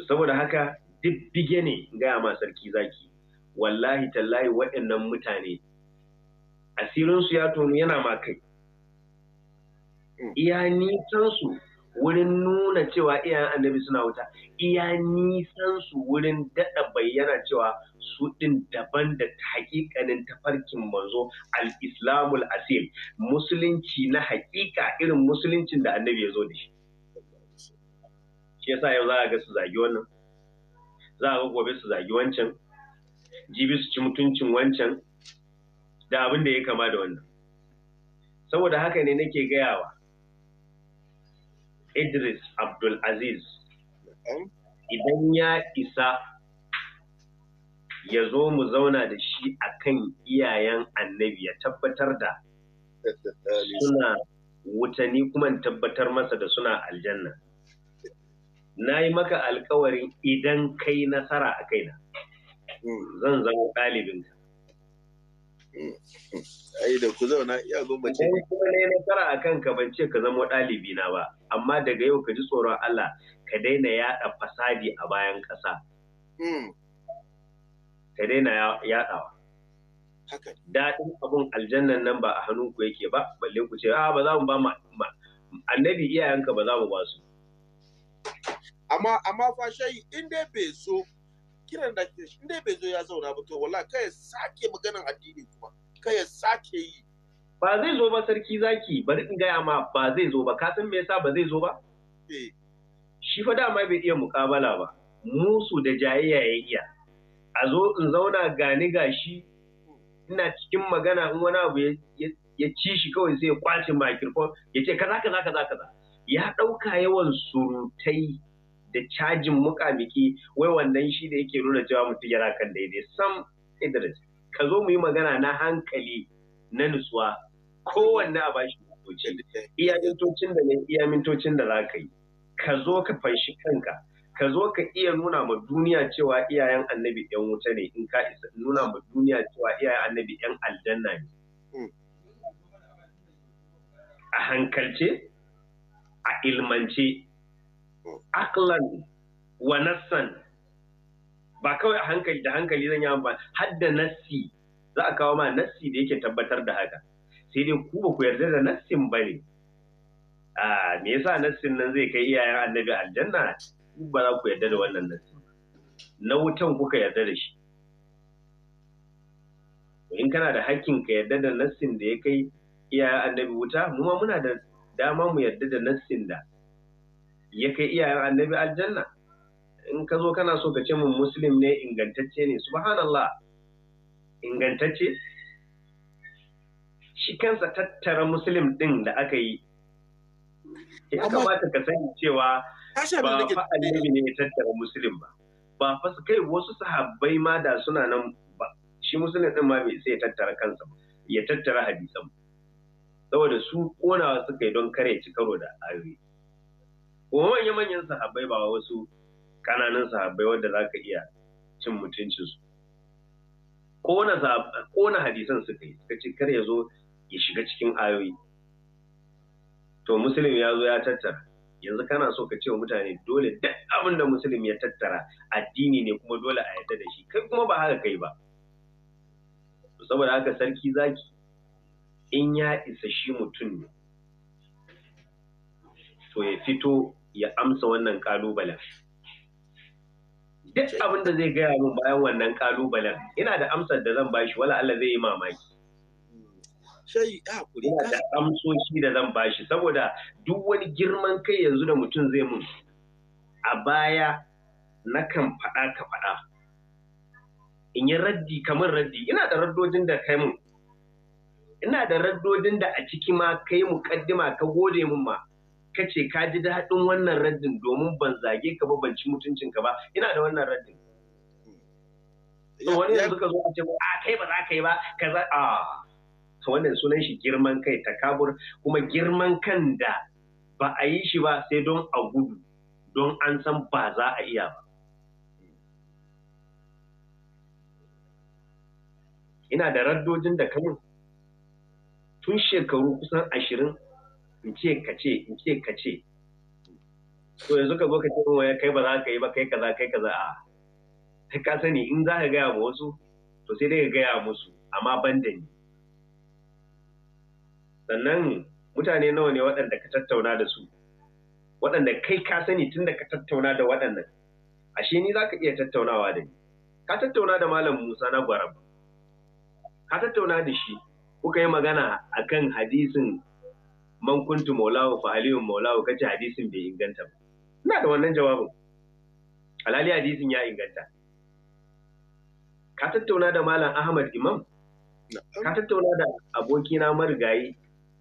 saboda haka duk bige ne gaya ma sarki zaki wallahi tallahi waɗannan mutane asirinsu ya tonu yana ma kai iya nisansu wurin nuna cewa iyayen annabi suna wuta iya nisansu wurin daɗa bayyana cewa su ɗin daban da hakikanin tafarkin manzo al-islamul asil musulunci na hakika irin musuluncin da annabi ya zo da shi shi yasa yau za a ga su zagi wannan za a ga gobe su zagi wancan jibi su ci mutuncin wancan da abin da ya kama da wannan saboda haka ne nake gayawa idris abdul aziz idan ya isa ya zo mu zauna da shi a kan iyayen annabi ya tabbatar da suna wutani ni kuma tabbatar masa da suna aljanna na yi maka alkawarin idan kai nasara a kaina. Mm, zan zama ɗalibin ka mm, mm. ai da ku zauna iya gumbace Ko kuma ne nasara a kanka ban ce ka zama ɗalibi na ba amma daga yau ka ji tsoron Allah ka daina yaɗa fasadi a bayan ƙasa ka daina yaɗawa daɗin abun aljannan nan ba a hannun ku yake ba balle ku ce a ah, ba za mu ba ma annabi iyayenka ba za mu ba su amma amma fa shayi in dai bai so kiran da ke shi dai bai zo ya zauna ba to wallahi kai ya sake maganan addini kuma kai ya sake yi ba zai zo ba sarki zaki bari in gaya ma ba zai zo ba ka san me yasa ba zai zo ba eh. shi fa dama bai iya mukabala ba musu da jayayya ya iya a zo in zauna gani gashi ina cikin magana in wani abu ya ci shi kawai sai ya kwace microphone ya ce kaza kaza kaza kaza ya ɗauka yawan surutai da cajin muka biki wai wannan shi da yake nuna cewa mutum yana kan daidai sam idris ka zo mu yi magana na hankali na nutsuwa kowanne a bashi mintocin iya mintocin da iya mintocin da za ka yi ka zo ka fanshi kanka ka zo ka iya nuna ma duniya cewa iyayen annabi yan wuta ne in ka isa nuna ma duniya cewa iyayen annabi yan aljanna ne hmm. a hankalce a ilmance aklan wa nassan ba kawai a hankali da hankali zan yi amfani har da nassi za a kawo ma nassi da yake tabbatar da haka sai dai ku ba ku yarda da nassin ba ne a me yasa nassin nan zai kai iyayen annabi aljanna ku ba za ku yarda da wannan nassi na wutan kuka yarda da shi in kana da hakkin ka yarda da nassin da ya kai iyayen annabi wuta mu ma muna da dama mu yarda da nassin da ya kai iyayen annabi aljanna in ka zo kana so ka ce mun muslim ne ingantacce ne subhanallah ingantacce shi kansa tattara muslim din da aka yi ya kamata ka sani cewa ba fa annabi ne ya tattara muslim ba ba fa kai wasu sahabbai ma da suna nan ba shi muslim din ma bai sai ya tattara kansa ba ya tattara hadisan saboda su konawa suka yi don kare ci karo da ayoyi ko manya manyan sahabbai ba wasu kananan sahabbai wanda za ka iya cin mutuncinsu na hadisan suka yi suka ce kar ya zo ya shiga cikin ayoyi to musulun ya zo ya tattara yanzu kana so ka ce wa mutane dole duk abin da musulun ya tattara addini ne kuma dole a yarda da shi kai kuma ba haka kai ba saboda haka sarki zaki in ya isa shi mutum ne to ya fito ya amsa wannan kalubalen duk abin da zai gaya min bayan wannan kalubalen ina da amsar da zan bashi wala Allah zai yi mamaki shai hakuri ka da amsoshi da zan bashi saboda duk wani girman kai yanzu da mutum zai mun a baya na kan faɗa ka faɗa in yi raddi kamar raddi ina da raddodin da kai mun ina da raddodin da a ciki ma kai kaddima ka gode mun ma ka ce ka ji daɗin wannan raddin domin ban zage ka ba ban ci mutuncin ba ina da wannan raddin wani yanzu ka zo a ce a kai ba za ka yi ba kaza a to wannan sunan shi girman kai ta takabur kuma girman kan da ba a yi shi ba sai don a gudu don an san ba za a iya ba ina da raddojin da kamar tun shekaru kusan ashirin in ce ka ce in ce ka ce to yanzu ka zo ka ce wai kai ba za ka yi ba kai kaza kai kaza a ka sani in za ka gaya ma wasu to sai dai ka gaya musu amma ban da ni sannan mutane nawa ne waɗanda ka tattauna da su waɗanda kai ka sani tun da ka tattauna da waɗannan ashe ni za ka iya tattaunawa da ni ka tattauna da malam musa na gwaraba ka tattauna da shi kuka yi magana akan hadisin man kuntu maulahu fa aliyun maulahu kace hadisin bai inganta ba ina da wannan jawabin alhali hadisin ya inganta ka tattauna da malam ahmad imam ka tattauna da abokina marigayi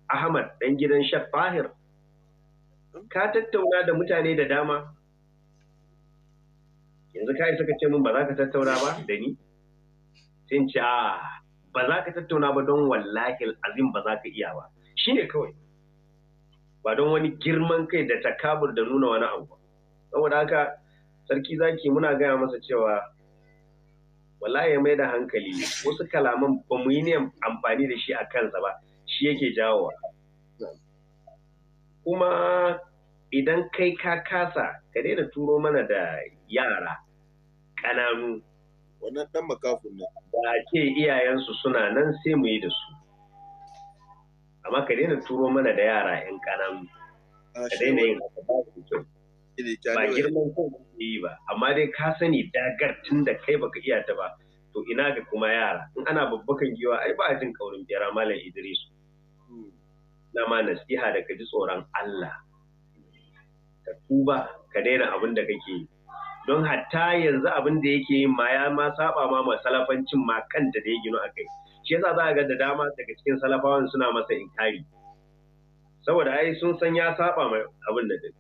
ahmad dan gidan shaf fahir ka tattauna da mutane da dama yanzu kai suka ce min ba za ka tattauna ba da ni Sun ce ah, ba za ka tattauna ba don wallahi azim ba za ka iya ba shine kawai ba don wani girman kai da takabur da nuna wani abu saboda haka sarki zaki muna gaya masa cewa wallahi ya mai da hankali wasu kalaman ba mu yi amfani da shi a kansa ba shi yake jawowa kuma idan kai ka kasa ka daina turo mana da yara ƙananu wannan dan makafun ne ba ce iyayensu suna nan sai mu yi da su amma ka daina turo mana da yara yan kananu ah, ka daina yin haka ba ba girman kan yi ba amma dai ka sani dagar tun da kai baka iya ta ba to ina ga kuma yara in ana babbakan giwa ai ba a jin kaurin bera malam Idris hmm. na ma nasiha da ka ji tsoron Allah ka tuba ka daina abin da kake yi don hatta yanzu abin da yake yi ma ya ma saba ma masalafancin ma kanta da ya gino a kai shi yasa za a ga da dama daga cikin salafawan suna masa inkari saboda ai sun san ya saba mai abin da din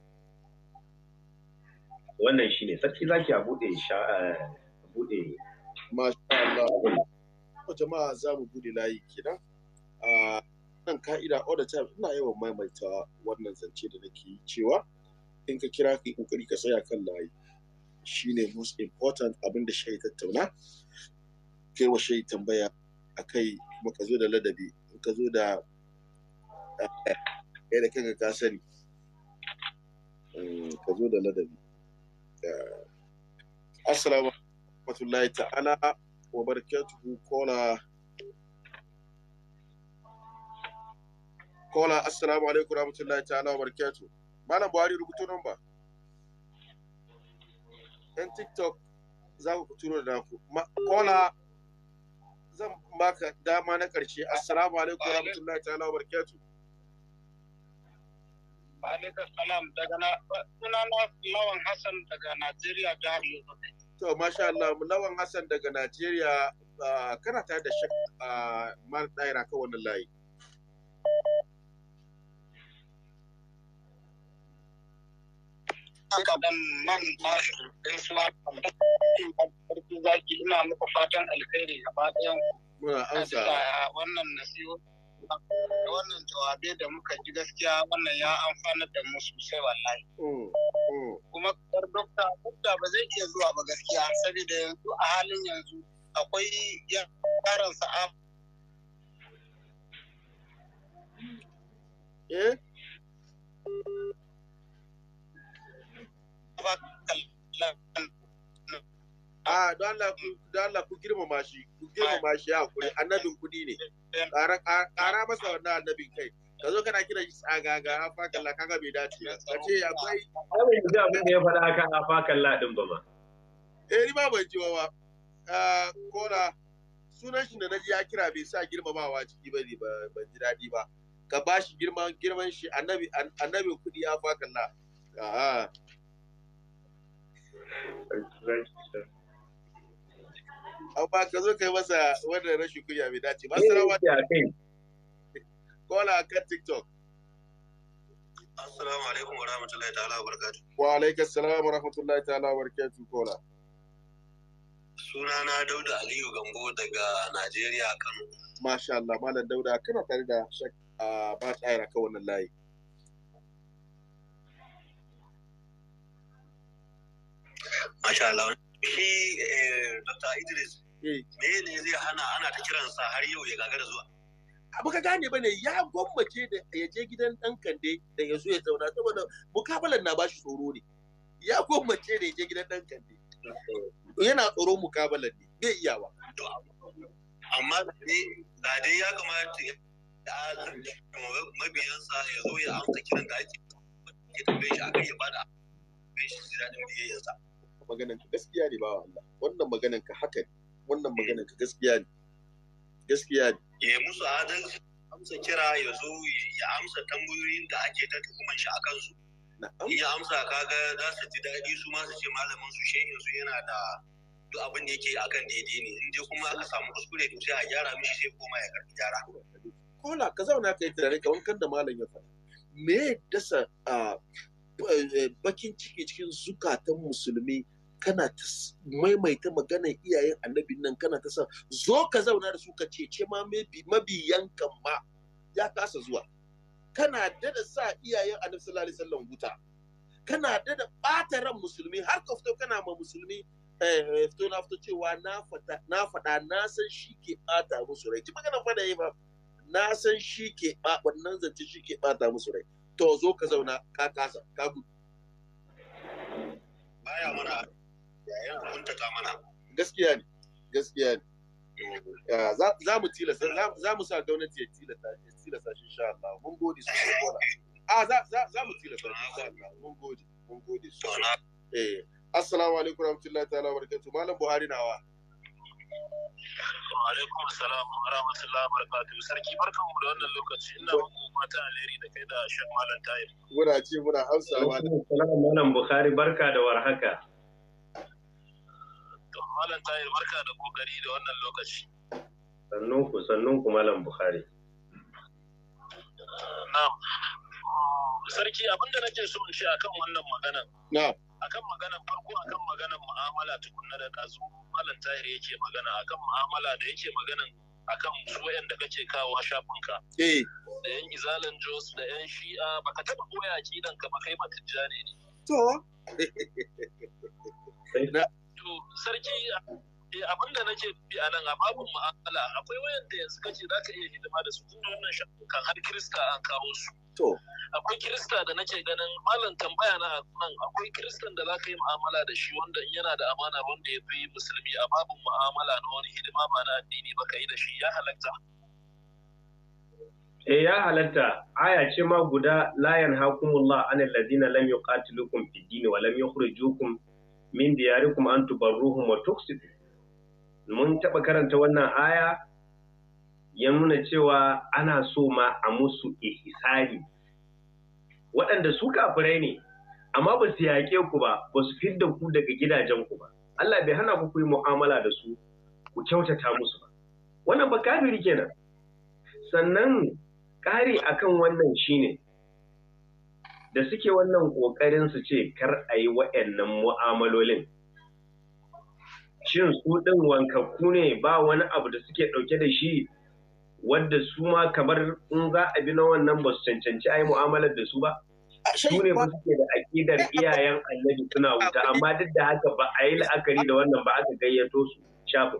wannan shine sarki zaki a bude a bude masha Allah jama'a za mu bude layi kina a nan ka'ida all the time ina yawan maimaita wannan zance da nake yi cewa in ka kira ka kokari ka tsaya kan layi shine most important abin da shi tattauna kai wa shi tambaya a kai kuma ka zo da ladabi in ka zo da ɗaya eh, da kanka ka sani eh, ka zo da ladabi eh, assalamu alaikum ta'ala wa barakatuhu kola kola assalamu alaikum rahmatullahi ta'ala wa barakatuhu malam buhari rubuto nan ba yan tiktok za ku turo da ku kola zan baka dama na ƙarshe assalamu alaikum warahmatullahi ta'ala wa barakatuh alaikum salam daga na suna lawan hassan daga najeriya jihar yobe to masha Allah lawan hassan daga najeriya ah, kana tare da shak ah, mara daira kan wannan layi haka dan man masu gaisuwa sarki zaki ina muku fatan alkhairi gaba ɗayan wannan nasiho da wannan jawabe da muka ji gaskiya wannan ya amfana da mu sosai wallahi mm, mm. kuma kar dokta dokta ba zai iya zuwa ba gaskiya saboda yanzu a halin yanzu akwai yaran sa'a eh da Allah ku girmama shi ku girmama shi a kuri annabin kudi ne ƙara masa wannan annabin kai ka zo kana kira shi tsagaga kalla kaga bai dace ka ce akwai abin da abin da ya faɗa akan kalla din ba ma eh ni ba ban ji ba ah, kora sunan shi da naji ya kira bai sa girmamawa ciki bane ba ban ji daɗi ba ka ba shi girman girman shi annabi annabi kudi afa kalla a'a Thank you. amma ka zo kai masa wannan rashin kunya mai dace ba eh, salamu alaikum kola kan tiktok assalamu alaikum wa rahmatullahi ta'ala wa barakatuh wa alaikum assalam wa rahmatullahi ta'ala wa barakatuh kola sunana dauda aliyu gambo daga najeriya kano masha Allah malam dauda kana tare da shak ah, ba tsayar kan wannan layi masha Allah shi eh, dr idris me ne zai hana ana ta kiransa har yau ya gagara zuwa abu ka gane bane ya gwammace da ya je gidan dan kande da ya zo ya zauna saboda mukabalan na bashi tsoro ne ya gwammace da ya je gidan dan kande yana tsoro mukabalan ne bai iya ba amma da dai ya kamata ya sa ya zo ya amsa kiran da ake ya tambaye shi akai ya bada shi da biyayyarsa maganan ka gaskiya ne ba wallahi wannan maganan ka haka ne wannan eh. magana ka gaskiya ne gaskiya ne ya musu adalci amsa kira ya zo ya amsa tambayoyin da ake ta tuhuman shi akan su ya amsa kaga za su ji daɗi su ma su ce malamin su shi su yana da duk abin da yake akan daidai ne in dai kuma aka samu kuskure to sai a gyara mishi sai koma ya karbi gyara kola ka zauna ka yi ka kamar kan da malam ya faɗa me ya dasa ah, eh, bakin ciki cikin zukatan musulmi kana ta maimaita maganar iyayen annabin nan kana ta sa zo ka zauna da su ka cece ma kan ma ya kasa zuwa kana dada sa iyayen annabi sallallahu alaihi wasallam wuta kana dada bata ran musulmi har ka fito kana ma musulmi eh, eh, fito na fito cewa na faɗa na san shi ke bata musu rai ki magana fa da yi ba na san shi ke ba wannan zance shi ke bata musu rai to zo ka zauna ka kasa ka gudu baya mana yana mana gaskiya ne gaskiya ne za mu tilasta za mu sa gwamnati ya tilasta ya tilasta shi insha Allah mun gode su kola a za mu tilasta shi insha Allah mun gode mun gode su eh assalamu alaikum warahmatullahi ta'ala barakatuh malam buhari nawa alaikum salam wa rahmatullah barakatuh sarki barkan mu da wannan lokaci ina muku mata aleri da kai da shek malam tayir muna ce muna hausawa da salam malam bukhari barka da warhaka To Malam Tahir barka da kokari da wannan lokaci. Sannun ku sannun ku Malam Bukhari. Na'am. Sarki da nake so in ce akan wannan magana. Na'am. Akan magana farko akan magana mu'amala tukunna da ɗazu Malam Tahir yake magana akan mu'amala da yake magana akan su wayanda kake kawo shafinka. Eh. Da yan izalan Jos da yan Shi'a baka taba koya akidan ka ba kai matijjani ne. To. wato sarki eh, abinda nake bi a nan a babin mu'amala akwai wayanda yanzu kace za ka iya hidima da su tun da wannan shafukan har kirista an kawo su akwai kirista da nake ganin malam tambaya na nan akwai kiristan da za ka yi maamala da shi wanda in yana da amana wanda ya fi musulmi a babin mu'amala na wani hidima ba na addini ba ka yi da shi ya halatta e ya halatta aya ce ma guda la yanhakumullah anil ladina lam yuqatilukum fid din wa lam yukhrijukum min kuma an tubarruhum wa toxicity mun taɓa karanta wannan aya ya nuna cewa ana so ma a musu ihsani waɗanda su kafirai ne amma ba su yaƙe ku ba ba su fidda ku daga gidajen ku ba Allah bai hana ku ku yi mu'amala da su ku kyautata musu ba wannan ba kafiri kenan sannan ƙari akan wannan shine da suke wannan ƙoƙarin su ce kar a yi wa'annan mu'amalolin shin su ɗin wankakku ne ba wani abu da suke ɗauke da shi wadda su ma kamar in za a bi na wannan ba su cancanci a mu'amalar da su ba su ne ba suke da aƙidar iyayen annabi suna wuta amma duk da haka ba a yi la'akari da wannan ba aka gayyato su shafin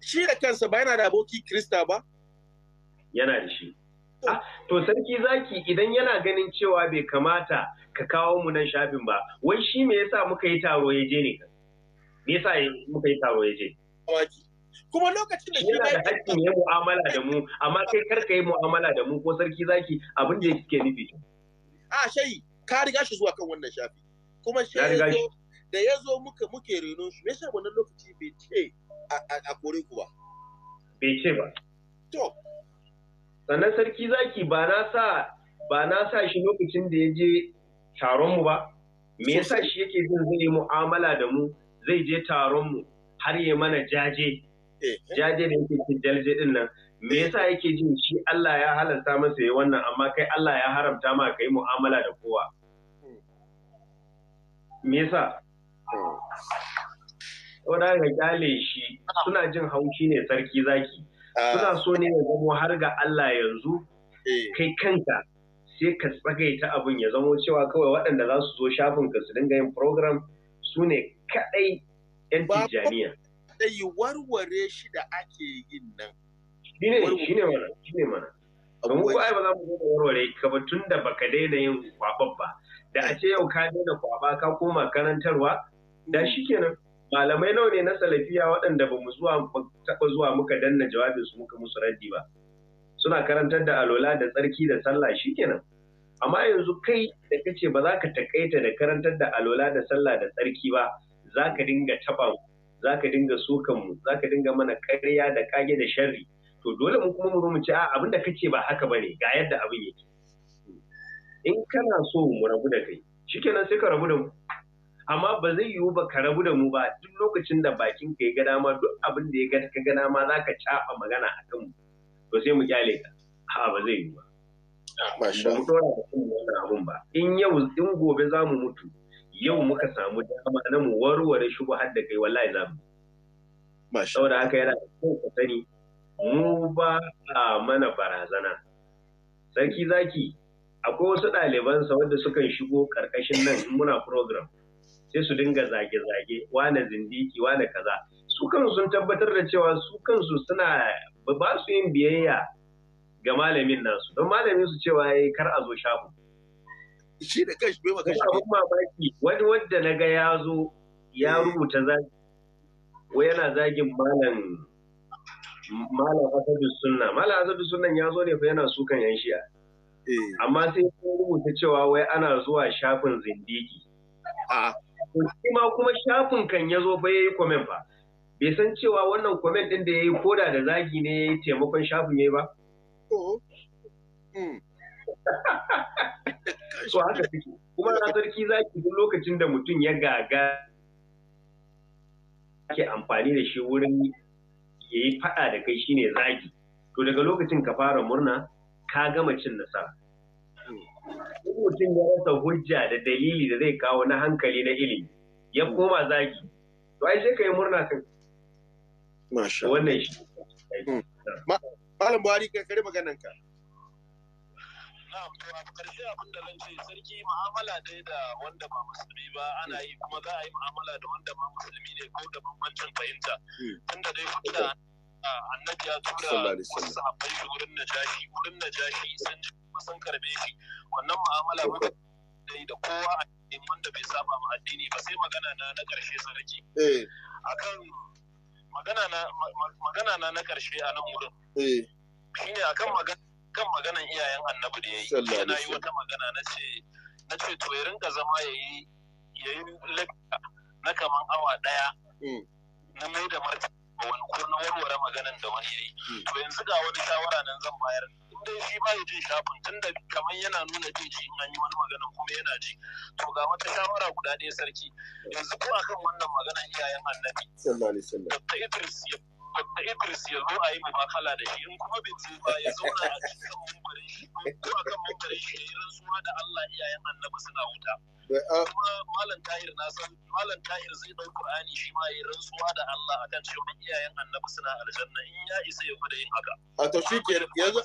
shi da kansa ba yana da aboki krista ba yana da shi To sarki zaki idan yana ganin cewa bai kamata ka kawo mu nan shafin ba, wai shi me yasa muka yi taro ya je ne ka? Me yasa muka yi taro ya je? Kuma lokacin da yana da hakkin ya mu'amala da mu, amma kai kar ka yi mu'amala da mu ko sarki zaki abin da yake nufi. A shayi, ka riga shi zuwa kan wannan shafi. Kuma shi da ya zo muka muke renon shi, me yasa wannan lokaci bai ce a kore ku ba? Bai ce ba. To, sannan sarki zaki ba na sa ba na sa shi lokacin da ya je taron mu ba me yasa shi yake jin zai mu'amala da mu zai je taron mu har ya mana jaje eh. jaje da yake cikin jalje din nan me yasa yake jin shi Allah ya halarta masa yayi wannan amma kai Allah ya haramta ma kai mu'amala da kowa me yasa wanda hmm. ga kyale shi ah. suna jin haushi ne sarki zaki Kuna ah. so ne ya zamo har ga Allah yanzu eh. kai kanka sai ka tsagaita abin ya zamo cewa kawai waɗanda za su zo shafin ka su dinga yin program su ne kaɗai 'yan Tijjaniya. Da yi warware shi da ake yin nan. Shi ne, shi ne mana, shi ne mana. ku ai ba za mu zo warware ka ba tun da baka daina yin kwaɓa ba. Da eh. a ce yau ka daina kwaɓa ka koma karantarwa, da mm. shi kenan. malamai nawa ne na salafiya waɗanda ba mu zuwa taɓa zuwa muka danna jawabin su muka musu raddi ba suna karantar da alola da tsarki da sallah shikenan amma yanzu kai da kace ba za ka takaita da karantar da alola da sallah da tsarki ba za ka dinga taɓa mu za ka dinga sokan mu za ka dinga mana ƙarya da kage da sharri to dole mu kuma mu ce a abin da kace ba haka bane ga yadda abin yake in kana so mu rabu da kai shikenan sai ka rabu da mu amma ba zai yiwu ba ka rabu da mu ba duk lokacin da bakin ka ya ga dama duk abin da ya ga ka dama za ka caɓa magana a kan to sai mu kyale ka ha ba zai yiwu ba ba mu dora da kuma wannan abun ba in yau in gobe za mu mutu yau muka samu dama na mu warware shi har da kai wallahi za mu da haka yana da kyau ka sani mu ba a mana barazana sarki zaki akwai wasu ɗalibansa wanda sukan shigo ƙarƙashin nan muna program sai su dinga zage-zage wane zindiki wane kaza su kansu sun tabbatar da cewa su kansu suna ba su yin biyayya ga malamin nasu don malamin su cewa yi kar a zo shafu shi da kashi bai maka shi mamaki wani wanda na ga ya zo ya eh. rubuta zagi ko yana zagin malam malam asabi sunna malam asabi sunnan ya zo ne fa yana sukan yan shi'a eh. amma sai ya rubuta cewa wai ana zuwa shafin zindiki shi ma kuma shafin kan ya zo fa yayi comment ba, bai san cewa wannan comment ɗin da ya yi ko da zagi ne yayi taimakon shafin yayi ba mm. so haka take kuma na sarki zaki duk lokacin da mutum ya gaga ke amfani da shi wurin yayi fada da kai shine zagi to daga lokacin ka fara murna ka gama cin nasara mutum ya rasa hujja da dalili da zai kawo na hankali na ilimi ya hmm. koma zagi to ai sai ka yi murna kan masha wannan shi hmm. malam buhari kai kare maganan ka to a karshe abin da zan ce sarki mu'amala dai da wanda ba musulmi ba ana yi kuma za a yi mu'amala da wanda ba musulmi ne ko da bambancin fahimta hmm. tunda dai annabi ya tura wasu sahabbai wurin najashi wurin najashi sun ji kuma sun karbe shi wannan mu'amala muka dai da kowa a cikin wanda bai saba ma addini ba sai magana na na karshe sarki eh. akan magana na magana na na karshe a nan wurin eh. shine akan magana kan maganan iyayen annabi da yayi yana yi wata magana na ce na ce to ya rinka zama yayi yayi na kaman awa daya mm. na mai da martaba wani ko na warware maganan da wani yayi mm. to yanzu ga wani shawara nan zan bayar dai shi ba ya jin shafin da kamar yana nuna jin shi in an yi wani magana kuma yana ji to ga wata shawara guda ɗaya sarki yanzu ko akan wannan magana iyayen annabi sallallahu alaihi wasallam Idris Dr. Idris ya zo a yi mafakala da shi in kuma bai ce ba ya zauna a cikin mambarin shi ko a kan mambarin shi ya yi rantsuwa da Allah iyayen annabi suna wuta. Ah. Kuma Malam Tahir na san Malam Tahir zai ɗau Qur'ani shi ma ya yi rantsuwa da Allah akan cewa iyayen annabi suna aljanna in ya isa ya fi da yin haka. A to shi ke yanzu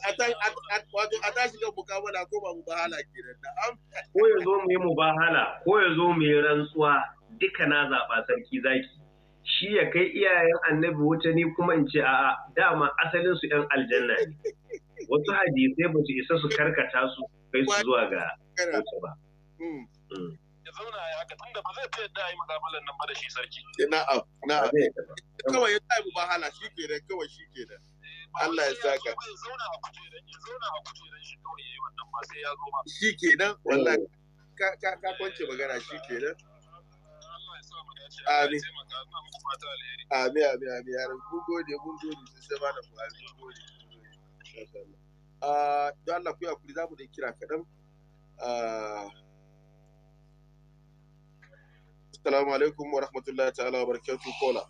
a tashi ga mukabala ko ba mu bahala kenan da am. Ko ya zo mu yi mubahala ko ya zo mu yi rantsuwa duka na zaɓa sarki zaki. shi ya kai iyayen annabi wuta ni kuma in ce a'a dama asalin su yan aljanna ne wasu hadisai ba su isa su karkata su kai su zuwa ga wuta ba hmm. Hmm. ya zauna ya haka tunda ba zai ta yadda yi mu'amalar nan ba da shi sarki eh, na'am na'am kawai ya tayi mubahala shi kenan kawai shi kenan eh, Allah ya saka ya zauna a kujeran ya zauna a kujeran shi kawai yayi wannan ba sai ya zo ba shi kenan wallahi eh. ka ka kwance magana shi kenan Ami, ami, amin, amin. Yaran, mun gode, mun gode, sun sai malam Buhari, mun gode. Ah, don Allah ku ya za zamu da kira kaɗan. Ah, Assalamu alaikum wa rahmatullahi ta'ala wa barakatuh kola.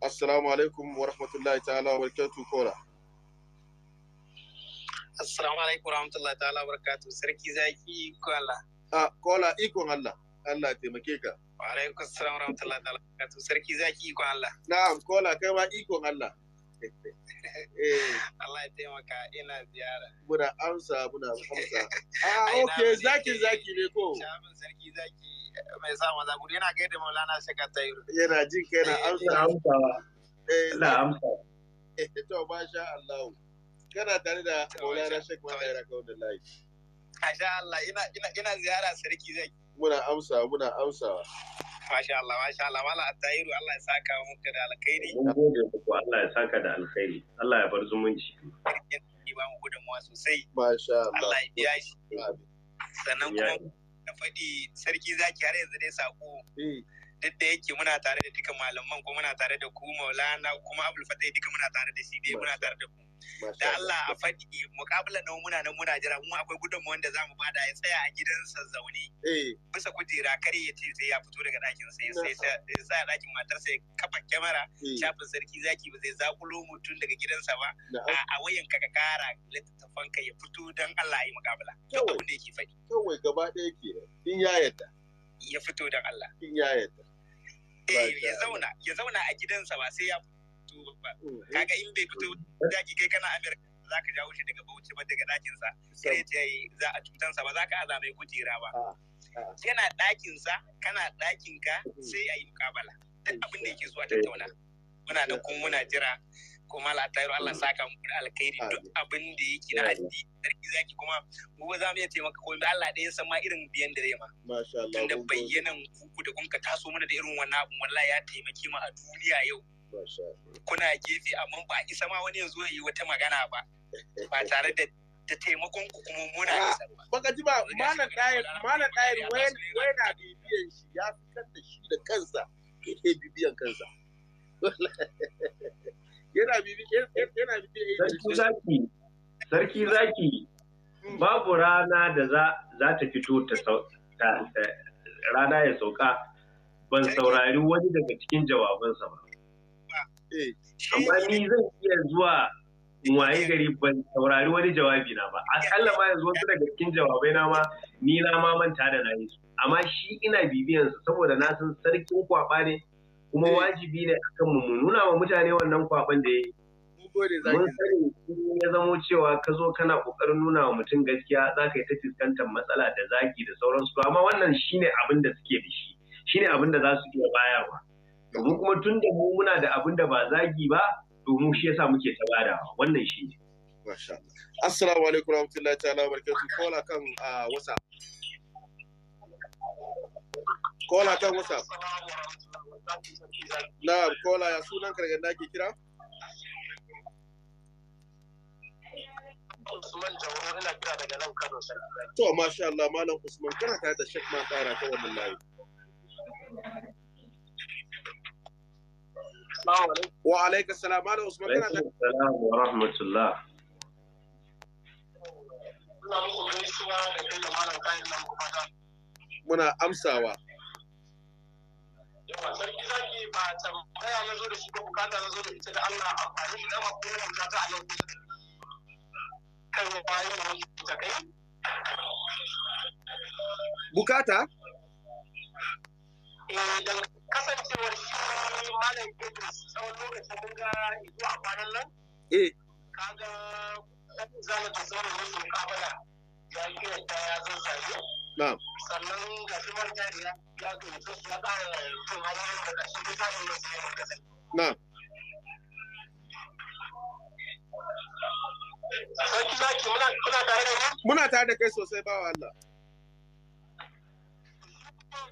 Assalamu alaikum wa rahmatullahi ta'ala wa barakatuh kola. Assalamu alaikum wa rahmatullahi ta'ala wa barakatuh sarki zaki kola. a kola ikon Allah Allah ya taimake ka wa alaikum assalam warahmatullahi ta'ala barakatuh sarki zaki ikon Allah na'am kola kai ma ikon Allah eh. Allah ya taimaka ina ziyara muna amsa muna amsa ah okay zaki zaki ne ko shafin sarki zaki mai sa maza gudu yana gaida maulana shaka tayiru yana jin kai eh, na amsa amsa na amsa to sha Allah kana tare da maulana shaka tayiru kaudalai Masha Allah ina ina ina ziyara sarki zai. Muna amsa muna amsa. Masha Allah masha Allah mala attahiru Allah ya saka muku da alkhairi. Allah ya saka da alkhairi. Allah ya bar zumunci. Sarki ba mu gudunmuwa sosai. Masha Allah. Allah ya biya shi. Sannan kuma na faɗi sarki zaki har yanzu dai sako. Eh. duk da yake muna tare da duka malaman kuma muna tare da ku maulana kuma abul fatai duka muna tare da shi dai muna tare da ku. da Allah a faɗi mukabala na muna nan muna jira mu akwai gudun wanda za mu bada ya tsaya a gidansa zaune eh. bisa kujera kare ya ce sai ya fito daga ɗakin sai sai sa ɗakin matarsa ya kafa kyamara eh. shafin sarki zaki ba zai zakulo mutum daga gidansa ba a wayan ka kara littattafan ka ya fito don Allah ya yi mukabala duk abin da yake faɗi kawai gaba ɗaya ke in ya yadda ya fito don Allah in ya yadda eh, ya zauna ya zauna a gidansa ba sai ya fito fito ba mm, eh. kaga in bai fito daji mm. kai kana Amerika za ka jawo shi daga Bauchi ba daga dakin sa sai ya ce za a cutansa ba za ka aza mai kujera ba yana ah, ah. dakin sa kana dakin ka mm. sai a yi mukabala duk abin da yake zuwa eh. tattauna muna da kuma muna eh. jira kuma la tayar Allah saka mu alkhairi duk abin da yake na addini sarki zaki kuma gobe za mu iya taimaka ko Allah da ya san ma irin biyan da zai ma masha Allah tunda bayyanan ku da kun ka taso mana da irin wannan abun wallahi ya taimake mu a duniya yau kuna gefe amma ba a isa ma wani yanzu ya yi wata magana ba ba tare da ta taimakon ku kuma muna isa ba baka ji ba malam dayar malam dayar wayan na bibiyan shi ya fitar da shi da kansa ke bibiyan kansa yana bibiyan yana bibiyan sarki zaki sarki zaki hmm. babu rana da za ta fito ta rana ya sauka ban saurari wani daga cikin jawabansa ba Eh, amma ni zan iya zuwa waye gari ban saurari wani jawabi na ba. Akalla ma yanzu wasu daga cikin jawabai na ma ni na ma manta da na yi su. Amma shi ina bibiyan su saboda na san sarkin kwaba ne kuma eh. wajibi ne akan mu mu nuna wa mutane wannan kwaban da yayi yi. Mun sani ya zamo cewa ka zo kana kokarin nuna wa mutum gaskiya za ka yi ta fuskantar matsala da zagi da sauransu amma wannan shine abin da suke da shi shine abin da za su iya bayarwa. domin kuma tun da mu muna da abin da ba zagi ba to mu shi yasa muke ta bada wannan shi ne masha Allah assalamu alaikum warahmatullahi ta'ala barakatuh kola kan uh, whatsapp kola kan whatsapp na kola ya sunan karga da ke kira Usman Jauro ina kira daga nan Kano To masha Allah malam Usman kana tare da Sheikh Mansara ta wannan layi. wa alaika salam malam usman kana da salam wa muna amsawa bukata Allah a bukata eh da kasancewar shi malam Idris tsawon lokacin mun ga ido a kwanan nan eh kaga zamu ta samu wasu kabala ya yi yadda ya zo sai na'am sannan ga shi marta ya ya ga ya ƙara yin halin da kashi da ta kasa na'am Muna tare da kai sosai bawa Allah. Eh, eh, eh,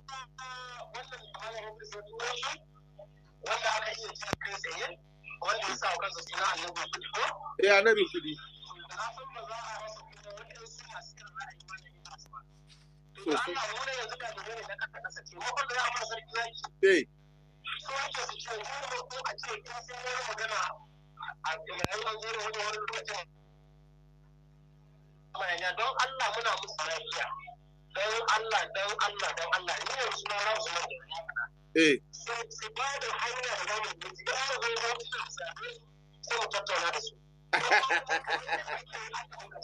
Muhammadu Saduwai wanda aka iya kira kai tsaye wanda ya sa wa kansa suna annabi kudi ko? Eh annabi kudi. Na san ba za a rasa kuma wani suna sirrin ra'ayi wanda ya ba su ba. To Allah mu ne yanzu ka dole ne ka kada sace mu kun da ya amma sarki zaki. Eh. So yake su ce ko ko a ce kin san wani magana a cikin an zo da wani wani lokacin. Amma don Allah muna musu lafiya dan Allah dan Allah dan Allah ni yanzu na rabu da eh su ba da hanya da zamu bi da an zo da su sai mu tattauna da su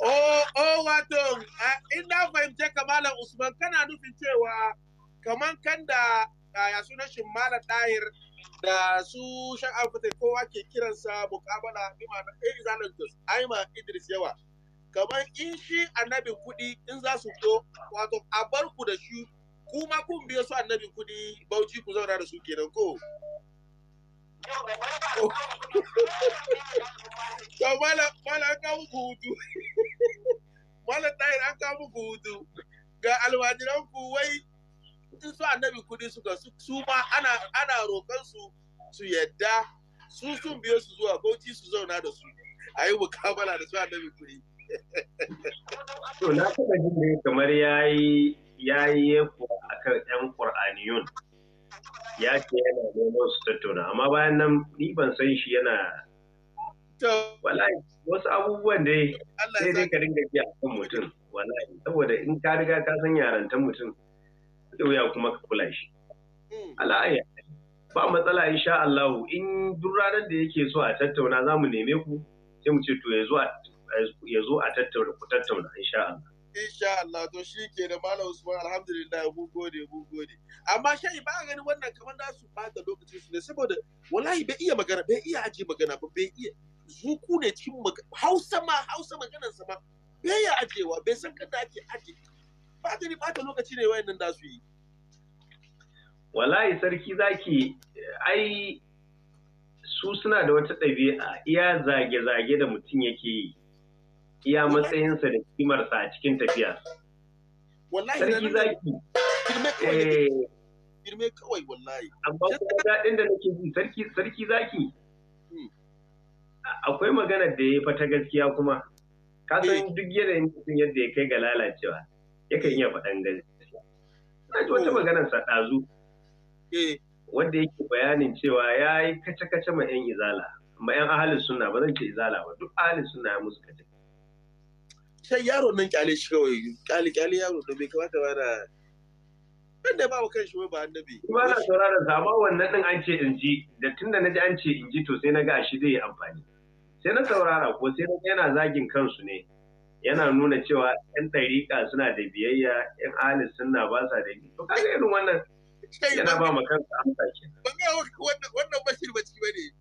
oh oh wato eh, in na fahimce kamalan usman kana nufin cewa kaman kan da ah, ya sunan shi malam dahir da su shan alfatai kowa ke kiransa mukabala bima na irin zanen ai ma idris yawa gaban in shi annabi kuɗi in za su zo, wato a bar ku da shi kuma kun biya su annabi kuɗi bauchi ku zauna da su kenan ko to mala mala an kawo ku hutu mala tahir an kawo ku hutu ga almajiran ku wai in su annabi kuɗi suka su ma ana ana roƙon su su yadda su sun biyo su zuwa bauchi su zauna da su a yi mukabala da su annabi kuɗi To na taɓa jin kamar ya yi ya yi a kan 'yan ƙur'aniyun, Ya ce yana neman su tattauna, amma bayan nan ni ban san shi yana Wallahi wasu abubuwan dai sai dai ka dinga biya kan mutum wallahi saboda in ka riga ka san yarantar mutum da wuya kuma ka kula shi. Hmm. Ala'ayya ba matsala insha Allahu, in duk ranar da yake so a tattauna za mu neme ku sai mu ce to ya zuwa ya zo a tattauna ku tattauna insha Allah insha Allah to shi ke da Malam Usman alhamdulillah mu gode mu gode amma shayi ba ganin wannan kamar da su bata lokacin su ne saboda wallahi bai iya magana bai iya aje magana ba bai iya zuku ne cikin Hausa ma Hausa maganar sa ma bai ya ajewa bai san kada ake aje ba gani bata lokaci ne wayannan da su yi wallahi sarki zaki ai su suna da wata ɗabi'a iya zage-zage da mutum yake yi iya matsayinsa da kimarsa a cikin tafiya. Sarki zaki. Eh. Girme kawai wallahi. Amma kuma daɗin da nake ji sarki sarki zaki. Hmm. Akwai maganar da ya fata gaskiya kuma. Ka san eh. duk yanayin mutum yadda ya kai ga lalacewa. Yakan iya faɗan gaskiya. Na ji wata oh. maganar sa ɗazu. Eh. Wanda yake bayanin cewa ya yi kace-kace ma 'yan izala. Ma 'yan ahalin suna ba zan ce izala ba duk ahalin suna ya musu kace. sai yaro nan kyale shi kawai kyale kyale yaro da bai kamata ba na ban da ba wa kanshi wai ba annabi ba na sauraron sa amma wannan din an ce in ji da tunda ji an ce in ji to sai na ga shi zai yi amfani sai na saurara ko sai na yana zagin kansu ne yana nuna cewa yan ɗariƙa suna da biyayya yan alis suna ba sa da bi to kaga irin wannan yana ba ma kansa amsa kenan wannan wannan bashir bace bane